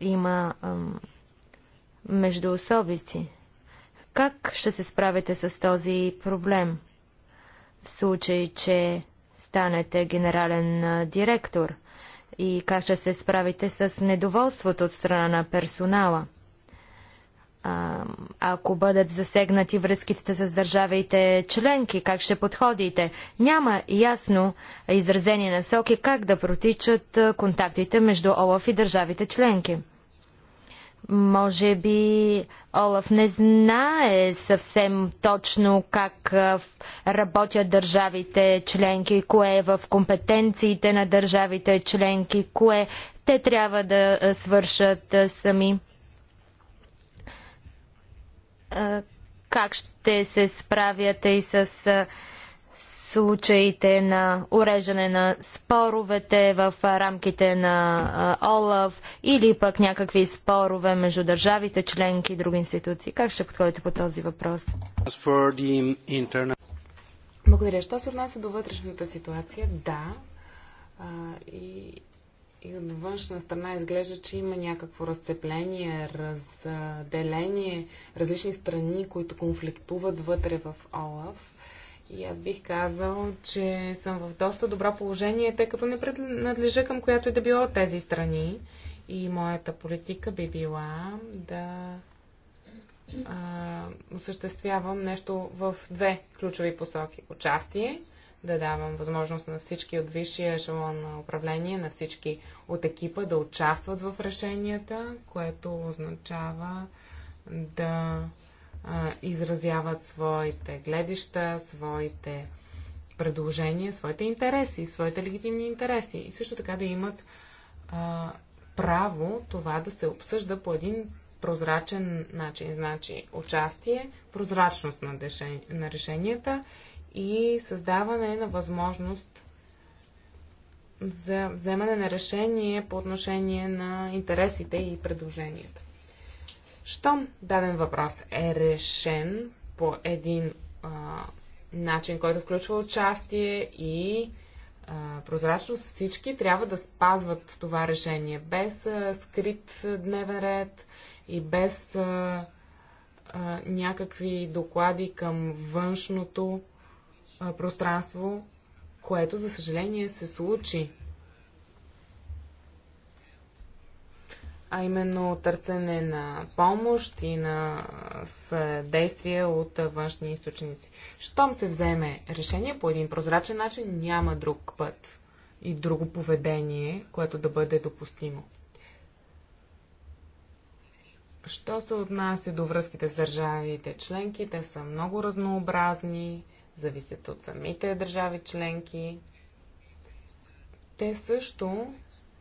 Има е, междуособици. Как ще се справите с този проблем в случай, че станете генерален е, директор? И как ще се справите с недоволството от страна на персонала? ако бъдат засегнати връзките с държавите членки, как ще подходите? Няма ясно изразени насоки как да протичат контактите между ОЛАФ и държавите членки. Може би Олаф не знае съвсем точно как работят държавите членки, кое е в компетенциите на държавите членки, кое те трябва да свършат сами как ще се справяте и с случаите на уреждане на споровете в рамките на ОЛАВ или пък някакви спорове между държавите, членки и други институции? Как ще подходите по този въпрос? Благодаря. Що се отнася до вътрешната ситуация? Да. А, и и от външна страна изглежда, че има някакво разцепление, разделение, различни страни, които конфликтуват вътре в ОЛАФ. И аз бих казал, че съм в доста добро положение, тъй като не принадлежа към която и да било от тези страни. И моята политика би била да а, осъществявам нещо в две ключови посоки. Участие да давам възможност на всички от висшия ешелон на управление, на всички от екипа да участват в решенията, което означава да а, изразяват своите гледища, своите предложения, своите интереси, своите легитимни интереси. И също така да имат а, право това да се обсъжда по един прозрачен начин. Значи участие, прозрачност на, деше... на решенията и създаване на възможност за вземане на решение по отношение на интересите и предложенията. Щом даден въпрос е решен по един а, начин, който включва участие и а, прозрачност, всички трябва да спазват това решение без а, скрит дневен ред и без а, а, някакви доклади към външното пространство, което, за съжаление, се случи. А именно търсене на помощ и на съдействие от външни източници. Щом се вземе решение по един прозрачен начин, няма друг път и друго поведение, което да бъде допустимо. Що се отнася до връзките с държавите членки, те са много разнообразни, зависят от самите държави членки. Те също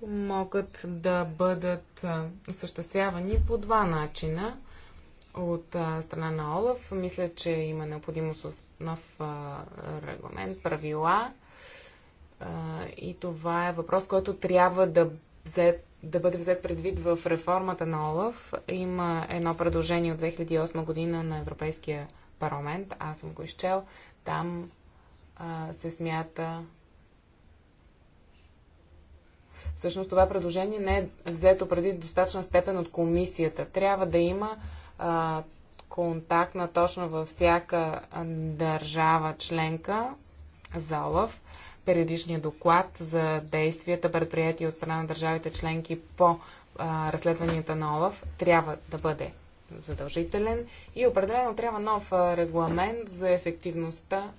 могат да бъдат осъществявани по два начина. От страна на ОЛАФ мисля, че има необходимост от нов регламент, правила. И това е въпрос, който трябва да, взет, да бъде взет предвид в реформата на ОЛАФ. Има едно предложение от 2008 година на Европейския парламент, аз съм го изчел, там а, се смята. Всъщност това предложение не е взето преди достатъчна степен от комисията. Трябва да има а, контактна точно във всяка държава членка за ОЛАВ, периодичния доклад за действията, предприятия от страна на държавите членки по а, разследванията на ОЛАВ трябва да бъде задължителен и определено трябва нов регламент за ефективността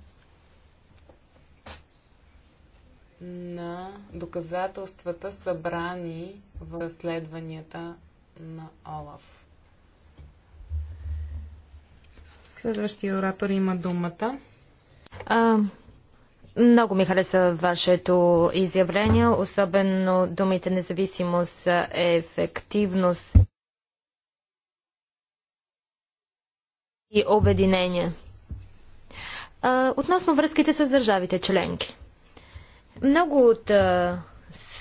на доказателствата събрани в разследванията на Олаф. Следващия оратор има думата. А, много ми хареса вашето изявление, особено думите независимост, ефективност. и обединения. Относно връзките с държавите членки. Много от а,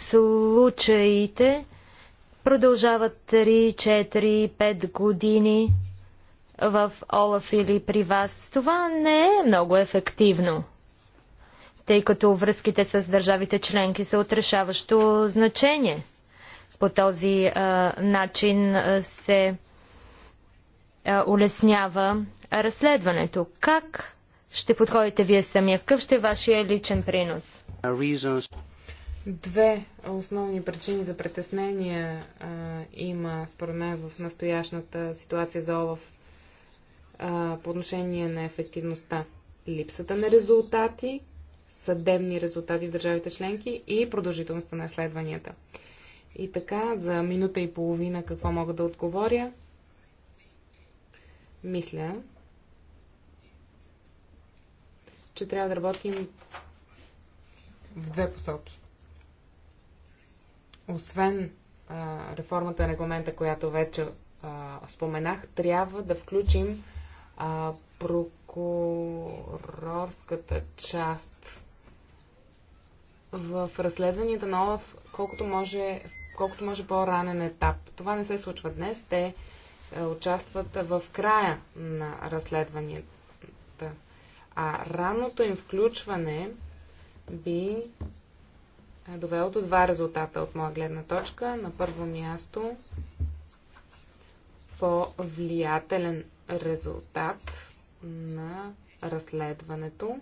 случаите продължават 3, 4, 5 години в Олаф или при вас. Това не е много ефективно, тъй като връзките с държавите членки са отрешаващо значение. По този а, начин а, се улеснява разследването. Как ще подходите вие самия? Какъв ще е вашия личен принос? Две основни причини за притеснение а, има според мен, в настоящната ситуация за ОВАВ а, по отношение на ефективността. Липсата на резултати, съдебни резултати в държавите членки и продължителността на изследванията. И така, за минута и половина какво мога да отговоря? Мисля, че трябва да работим в две посоки. Освен а, реформата на регламента, която вече а, споменах, трябва да включим а, прокурорската част в разследванията на ОЛАФ колкото може, колкото може по-ранен етап. Това не се случва днес. Те е, участват в края на разследванията. А ранното им включване би е, довело до два резултата от моя гледна точка. На първо място по-влиятелен резултат на разследването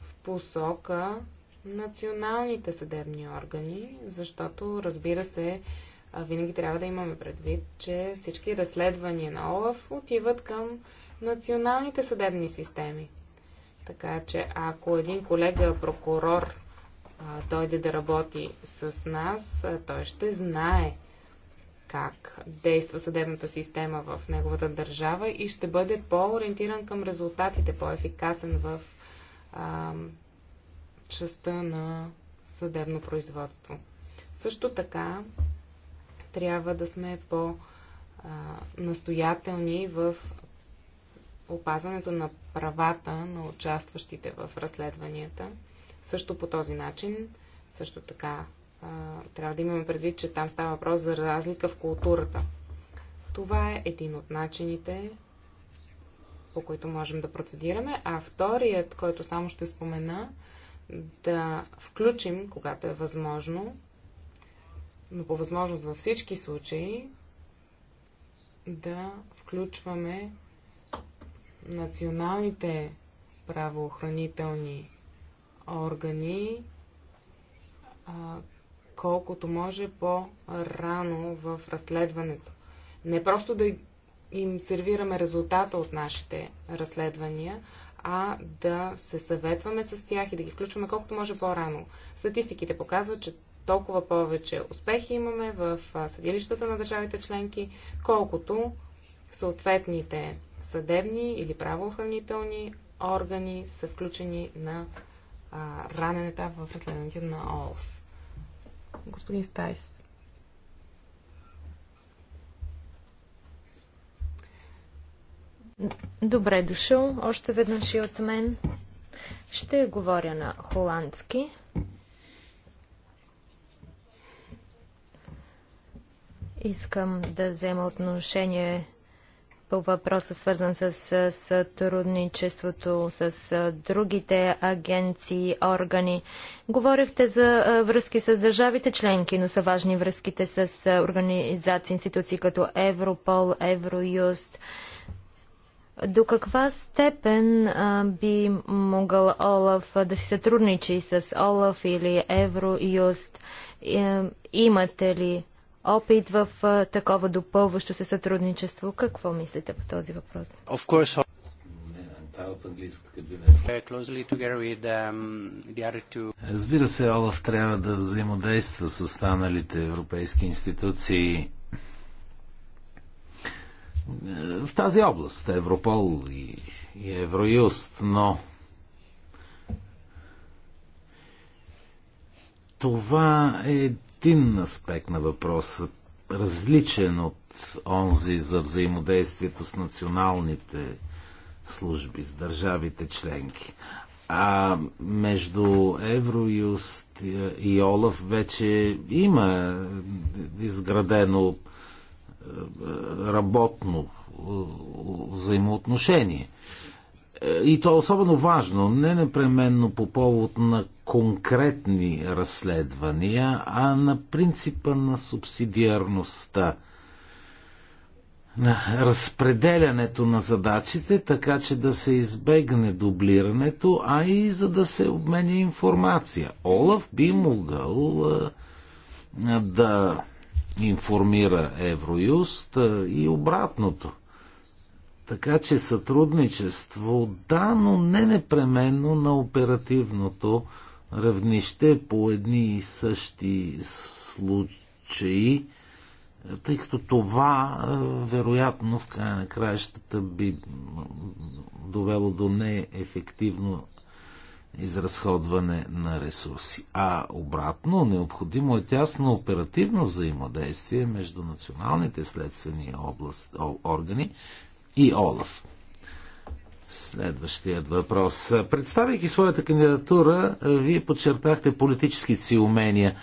в посока националните съдебни органи, защото, разбира се, винаги трябва да имаме предвид, че всички разследвания на ОЛАФ отиват към националните съдебни системи. Така че ако един колега прокурор а, дойде да работи с нас, а, той ще знае как действа съдебната система в неговата държава и ще бъде по-ориентиран към резултатите, по-ефикасен в а, частта на съдебно производство. Също така трябва да сме по-настоятелни в опазването на правата на участващите в разследванията. Също по този начин, също така, трябва да имаме предвид, че там става въпрос за разлика в културата. Това е един от начините, по които можем да процедираме. А вторият, който само ще спомена, да включим, когато е възможно, но по възможност във всички случаи, да включваме националните правоохранителни органи а, колкото може по-рано в разследването. Не просто да им сервираме резултата от нашите разследвания, а да се съветваме с тях и да ги включваме колкото може по-рано. Статистиките показват, че толкова повече успехи имаме в съдилищата на държавите членки, колкото съответните съдебни или правоохранителни органи са включени на а, ранен етап в разследването на ОЛФ. Господин Стайс. Добре дошъл още веднъж и от мен. Ще говоря на холандски. Искам да взема отношение по въпроса, свързан с сътрудничеството с другите агенции, органи. Говорихте за връзки с държавите членки, но са важни връзките с организации, институции като Европол, Евроюст. До каква степен а, би могъл Олаф да си сътрудничи с Олаф или Евроюст? Е, имате ли опит в такова допълващо се сътрудничество. Какво мислите по този въпрос? Um, Разбира се, Олаф трябва да взаимодейства с останалите европейски институции в тази област, Европол и, и Евроюст, но това е междинен аспект на въпроса, различен от онзи за взаимодействието с националните служби, с държавите членки. А между Евроюст и Олаф вече има изградено е, работно е, взаимоотношение. Е, и то е особено важно, не непременно по повод на конкретни разследвания, а на принципа на субсидиарността на разпределянето на задачите, така че да се избегне дублирането, а и за да се обменя информация. Олаф би могъл да информира Евроюст и обратното. Така че сътрудничество, да, но не непременно на оперативното равнище по едни и същи случаи, тъй като това вероятно в края на краищата би довело до неефективно изразходване на ресурси. А обратно, необходимо е тясно оперативно взаимодействие между националните следствени област, органи и ОЛАФ. Следващият въпрос. Представяйки своята кандидатура, вие подчертахте политическите си умения.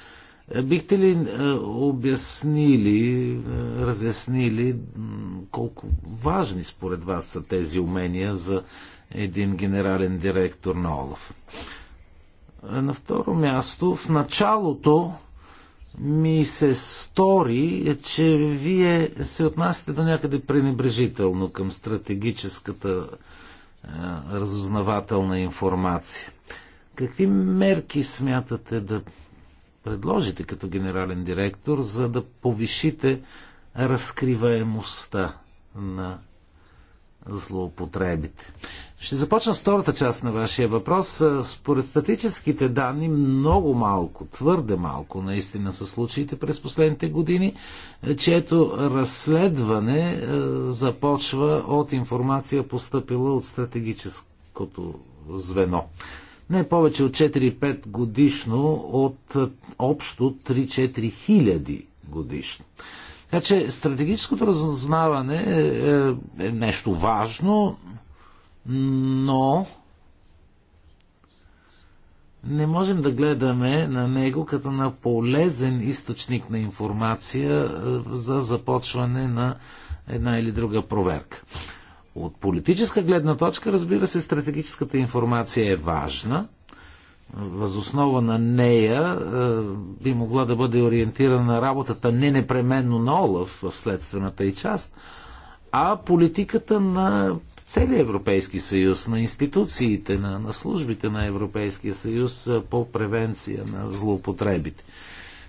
Бихте ли обяснили, разяснили колко важни според вас са тези умения за един генерален директор на Олаф? На второ място, в началото ми се стори, че вие се отнасяте до някъде пренебрежително към стратегическата разузнавателна информация. Какви мерки смятате да предложите като генерален директор, за да повишите разкриваемостта на злоупотребите. Ще започна с втората част на вашия въпрос. Е, според статическите данни, много малко, твърде малко наистина са случаите през последните години, е, чието разследване е, започва от информация поступила от стратегическото звено. Не повече от 4-5 годишно от общо 3-4 хиляди годишно. Така че стратегическото разузнаване е, е, е нещо важно, но не можем да гледаме на него като на полезен източник на информация е, за започване на една или друга проверка. От политическа гледна точка, разбира се, стратегическата информация е важна, възоснова на нея е, би могла да бъде ориентирана работата не непременно на Олаф в следствената и част, а политиката на целия Европейски съюз, на институциите, на, на службите на Европейския съюз е, по превенция на злоупотребите.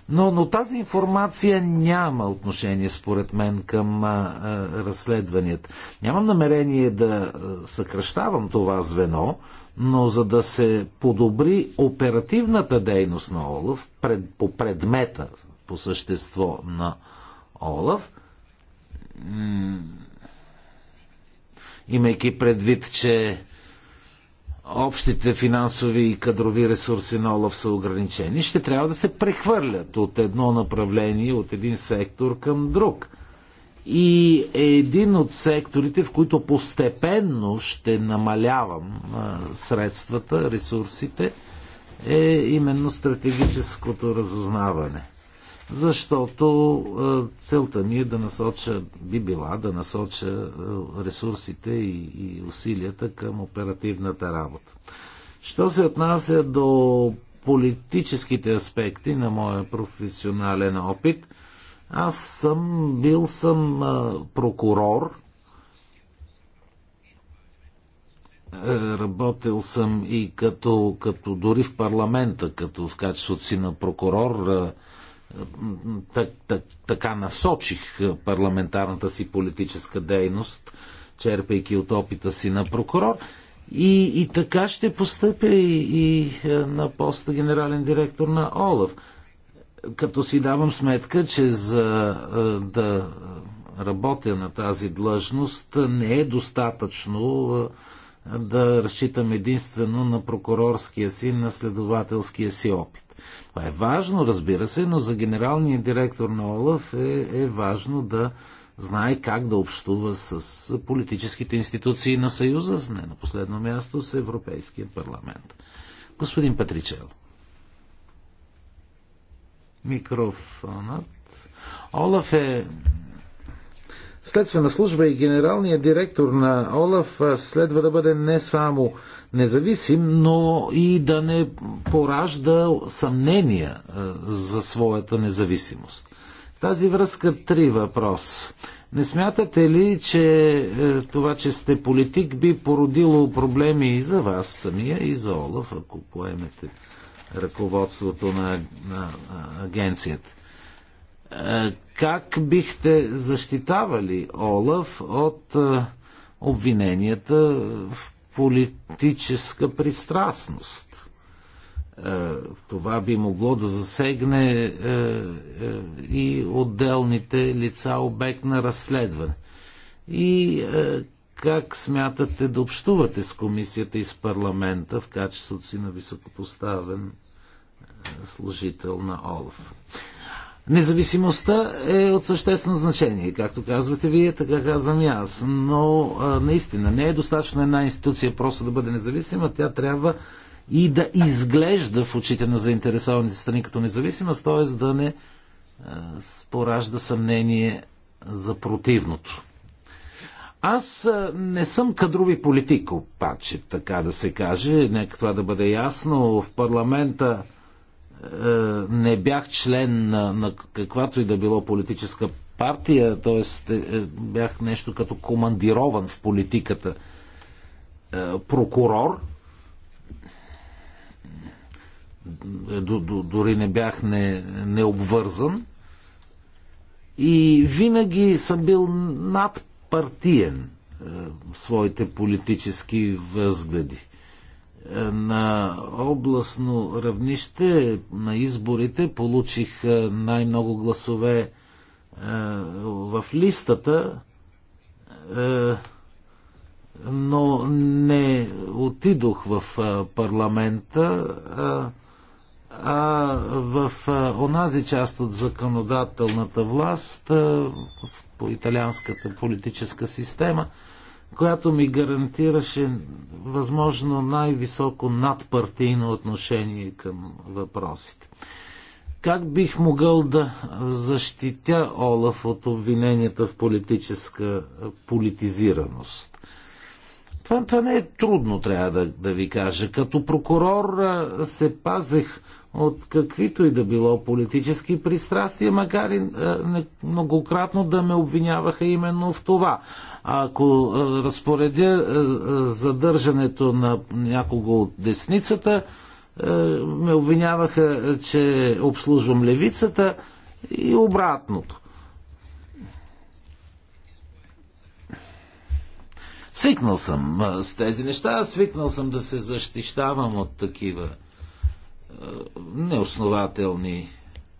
Но, но тази информация няма отношение, според мен, към а, е, разследванията. Нямам намерение да съкръщавам това звено, но за да се подобри оперативната дейност на Олаф пред, по предмета, по същество на Олаф, имайки предвид, че общите финансови и кадрови ресурси на Олаф са ограничени, ще трябва да се прехвърлят от едно направление, от един сектор към друг – и е един от секторите, в които постепенно ще намалявам средствата, ресурсите, е именно стратегическото разузнаване. Защото целта ми е да насоча, би била да насоча ресурсите и, и усилията към оперативната работа. Що се отнася до политическите аспекти на моя професионален опит – аз съм бил съм прокурор, е, работил съм и като, като дори в парламента, като в качеството си на прокурор, так, так, така насочих парламентарната си политическа дейност, черпейки от опита си на прокурор. И, и така ще постъпя и, и е, на поста генерален директор на Олаф като си давам сметка, че за да работя на тази длъжност не е достатъчно да разчитам единствено на прокурорския си, на следователския си опит. Това е важно, разбира се, но за генералния директор на ОЛАФ е, е важно да знае как да общува с политическите институции на Съюза, не на последно място с Европейския парламент. Господин Патричел микрофонът. Олаф е следствена служба и генералният директор на Олаф следва да бъде не само независим, но и да не поражда съмнения за своята независимост. В тази връзка три въпрос. Не смятате ли, че е, това, че сте политик, би породило проблеми и за вас самия, и за Олаф, ако поемете ръководството на, на агенцията. Е, как бихте защитавали Олаф от е, обвиненията в политическа пристрастност? Е, това би могло да засегне и отделните лица обект на разследване. И как смятате да общувате с комисията и с парламента в качеството си на високопоставен е, служител на ОЛФ? Независимостта е от съществено значение, както казвате вие, така казвам и аз. Но а, наистина не е достатъчно една институция просто да бъде независима, тя трябва и да изглежда в очите на заинтересованите страни като независима, т.е. да не а, споражда съмнение за противното. Аз не съм кадрови политик, обаче, така да се каже. Нека това да бъде ясно. В парламента е, не бях член на, на каквато и да било политическа партия, т.е. Е, е бях нещо като командирован в политиката е, прокурор. дори не бях не, необвързан. И винаги съм бил над партиен в е, своите политически възгледи. Е, на областно равнище на изборите получих е, най-много гласове в листата, но не отидох в парламента, а в онази част от законодателната власт по италианската политическа система, която ми гарантираше възможно най-високо надпартийно отношение към въпросите. Как бих могъл да защитя Олаф от обвиненията в политическа политизираност? Това, това не е трудно, трябва да, да ви кажа. Като прокурор се пазех от каквито и да било политически пристрастия, макар и е, многократно да ме обвиняваха именно в това. Ако е, разпоредя е, задържането на някого от десницата, ме обвиняваха, че обслужвам левицата и обратното. Свикнал съм с тези неща, свикнал съм да се защищавам от такива неоснователни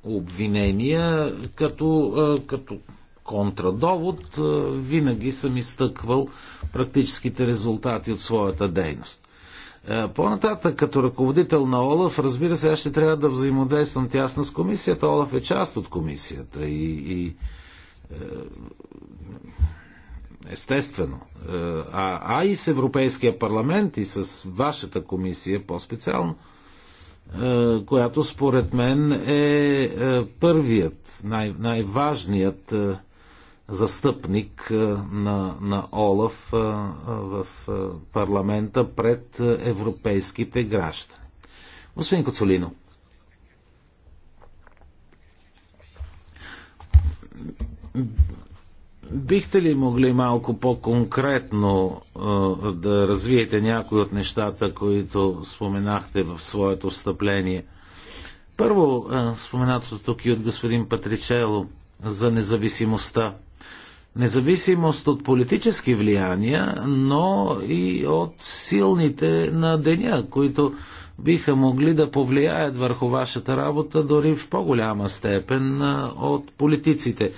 обвинения, като, като контрадовод винаги съм изтъквал практическите резултати от своята дейност. По-нататък, като ръководител на Олаф, разбира се, аз ще трябва да взаимодействам тясно с комисията. Олаф е част от комисията и, и е, естествено. А, а и с Европейския парламент и с вашата комисия по-специално. Е, която според мен е, е първият, най- най-важният е, застъпник на, на Олаф в парламента пред европейските граждани. Господин Коцолино. Бихте ли могли малко по-конкретно да развиете някои от нещата, които споменахте в своето встъпление? Първо, споменатото тук и от господин Патричело за независимостта. Независимост от политически влияния, но и от силните на деня, които биха могли да повлияят върху вашата работа дори в по-голяма степен от политиците.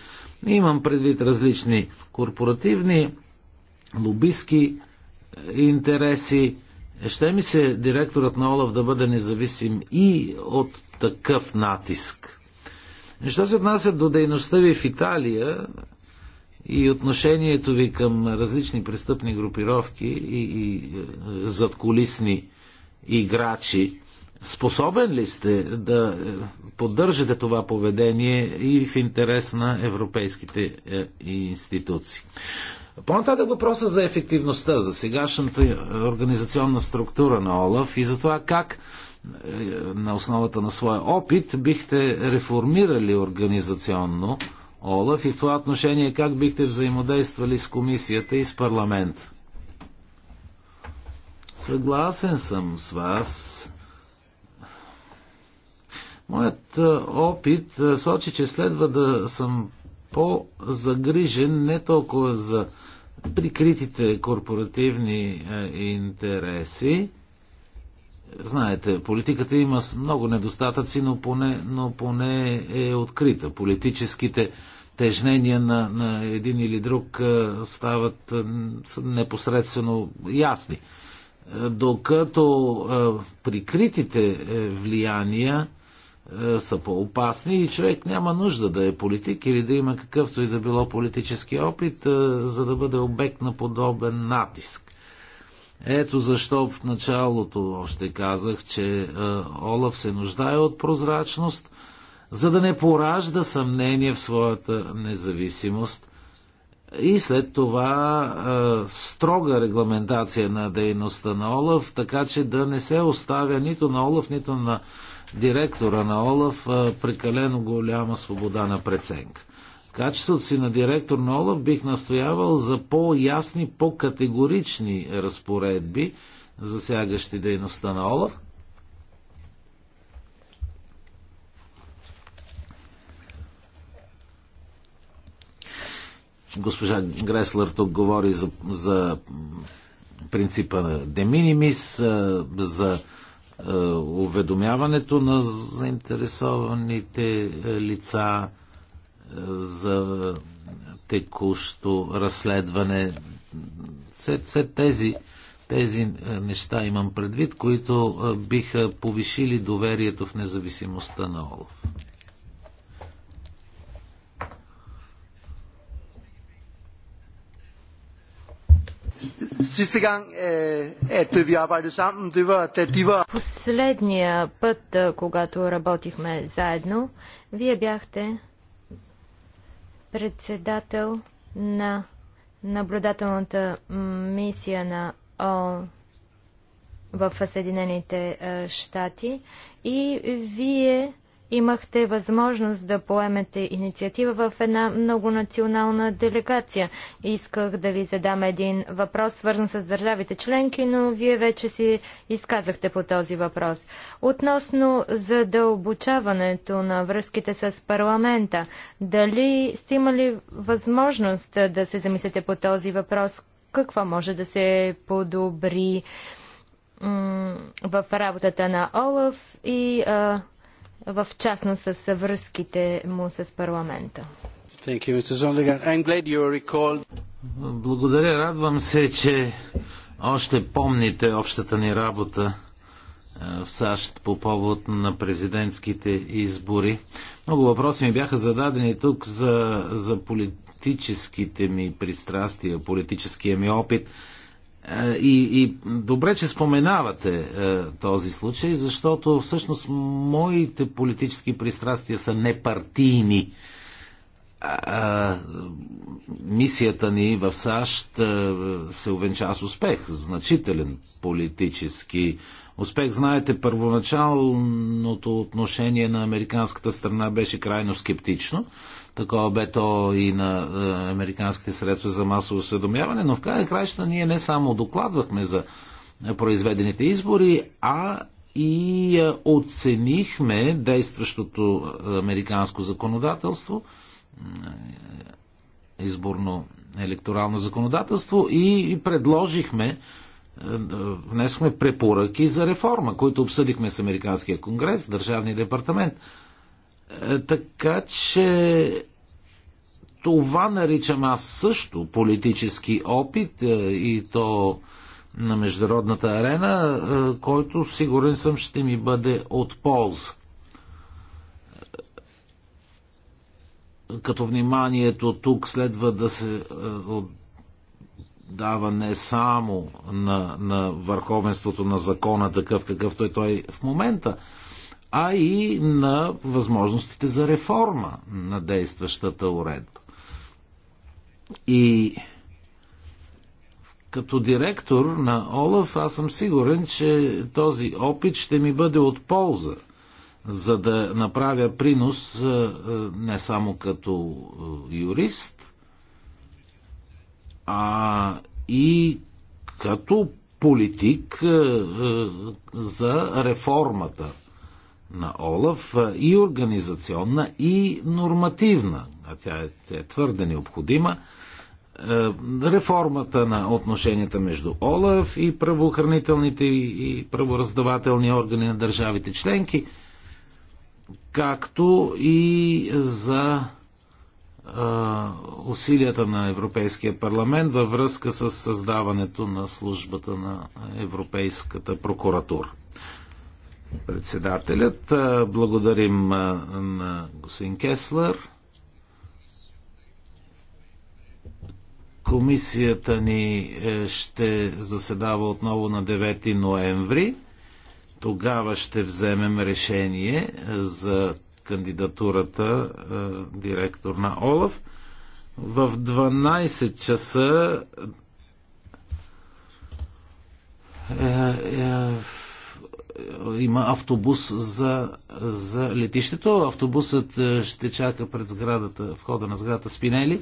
Имам предвид различни корпоративни, лобистки е, интереси. Ще ми се директорът на Олаф да бъде независим и от такъв натиск. Що се отнася до дейността ви в Италия и отношението ви към различни престъпни групировки и, и е, задколисни играчи, способен ли сте да е, поддържате това поведение и в интерес на европейските е, институции. По-нататък въпроса за ефективността, за сегашната организационна структура на ОЛАФ и за това как е, на основата на своя опит бихте реформирали организационно ОЛАФ и в това отношение как бихте взаимодействали с комисията и с парламент. Съгласен съм с вас Моят опит сочи, че следва да съм по-загрижен не толкова за прикритите корпоративни интереси. Знаете, политиката има много недостатъци, но поне, но поне е открита. Политическите тежнения на, на един или друг стават непосредствено ясни. Докато прикритите влияния е, са по-опасни и човек няма нужда да е политик или да има какъвто и да било политически опит, е, за да бъде обект на подобен натиск. Ето защо в началото още казах, че е, Олаф се нуждае от прозрачност, за да не поражда съмнение в своята независимост и след това а, строга регламентация на дейността на Олаф, така че да не се оставя нито на Олаф, нито на директора на Олаф а, прекалено голяма свобода на преценка. качеството си на директор на Олаф бих настоявал за по-ясни, по-категорични разпоредби, засягащи дейността на Олаф Госпожа Греслер тук говори за, за принципа на деминимис, за уведомяването на заинтересованите лица за текущо разследване. Все, все тези, тези неща имам предвид, които биха повишили доверието в независимостта на Олов. Sidste gang, øh, at vi arbejdede sammen, det var, da de var... Последния път, когато работихме заедно, вие бяхте председател на наблюдателната мисия на О в Съединените щати и вие имахте възможност да поемете инициатива в една многонационална делегация. Исках да ви задам един въпрос, свързан с държавите членки, но вие вече си изказахте по този въпрос. Относно задълбочаването на връзките с парламента, дали сте имали възможност да се замислите по този въпрос? Какво може да се подобри в работата на Олаф и а, в частност с връзките му с парламента. Благодаря, радвам се, че още помните общата ни работа е, в САЩ по повод на президентските избори. Много въпроси ми бяха зададени тук за, за политическите ми пристрастия, политическия ми опит. И, и добре, че споменавате е, този случай, защото всъщност моите политически пристрастия са непартийни. А, а, мисията ни в САЩ а, е, се увенча с успех, значителен политически успех. Знаете, първоначалното отношение на американската страна беше крайно скептично. Такова бе то и на е, американските средства за масово осведомяване, но в крайна краища ние не само докладвахме за е, произведените избори, а и е, оценихме действащото американско законодателство, изборно електорално законодателство и предложихме внесохме препоръки за реформа, които обсъдихме с Американския конгрес, Държавния департамент. Е, така че това наричам аз също политически опит е, и то на международната арена, е, който сигурен съм ще ми бъде от полза. Като вниманието тук следва да се дава не само на, на върховенството на закона, такъв какъвто е той в момента, а и на възможностите за реформа на действащата уредба. И като директор на Олаф, аз съм сигурен, че този опит ще ми бъде от полза, за да направя принос не само като юрист, а и като политик е, е, за реформата на Олаф е, и организационна, и нормативна. А тя е, тя е твърде необходима. Реформата на отношенията между Олаф и правоохранителните и правораздавателни органи на държавите членки, както и за усилията на Европейския парламент във връзка с създаването на службата на Европейската прокуратура. Председателят, благодарим на господин Кеслер. Комисията ни е, ще заседава отново на 9 ноември. Тогава ще вземем решение е, за кандидатурата е, директор на Олаф. В 12 часа е, е, има автобус за, за летището. Автобусът ще чака пред сградата, входа на сградата Спинели.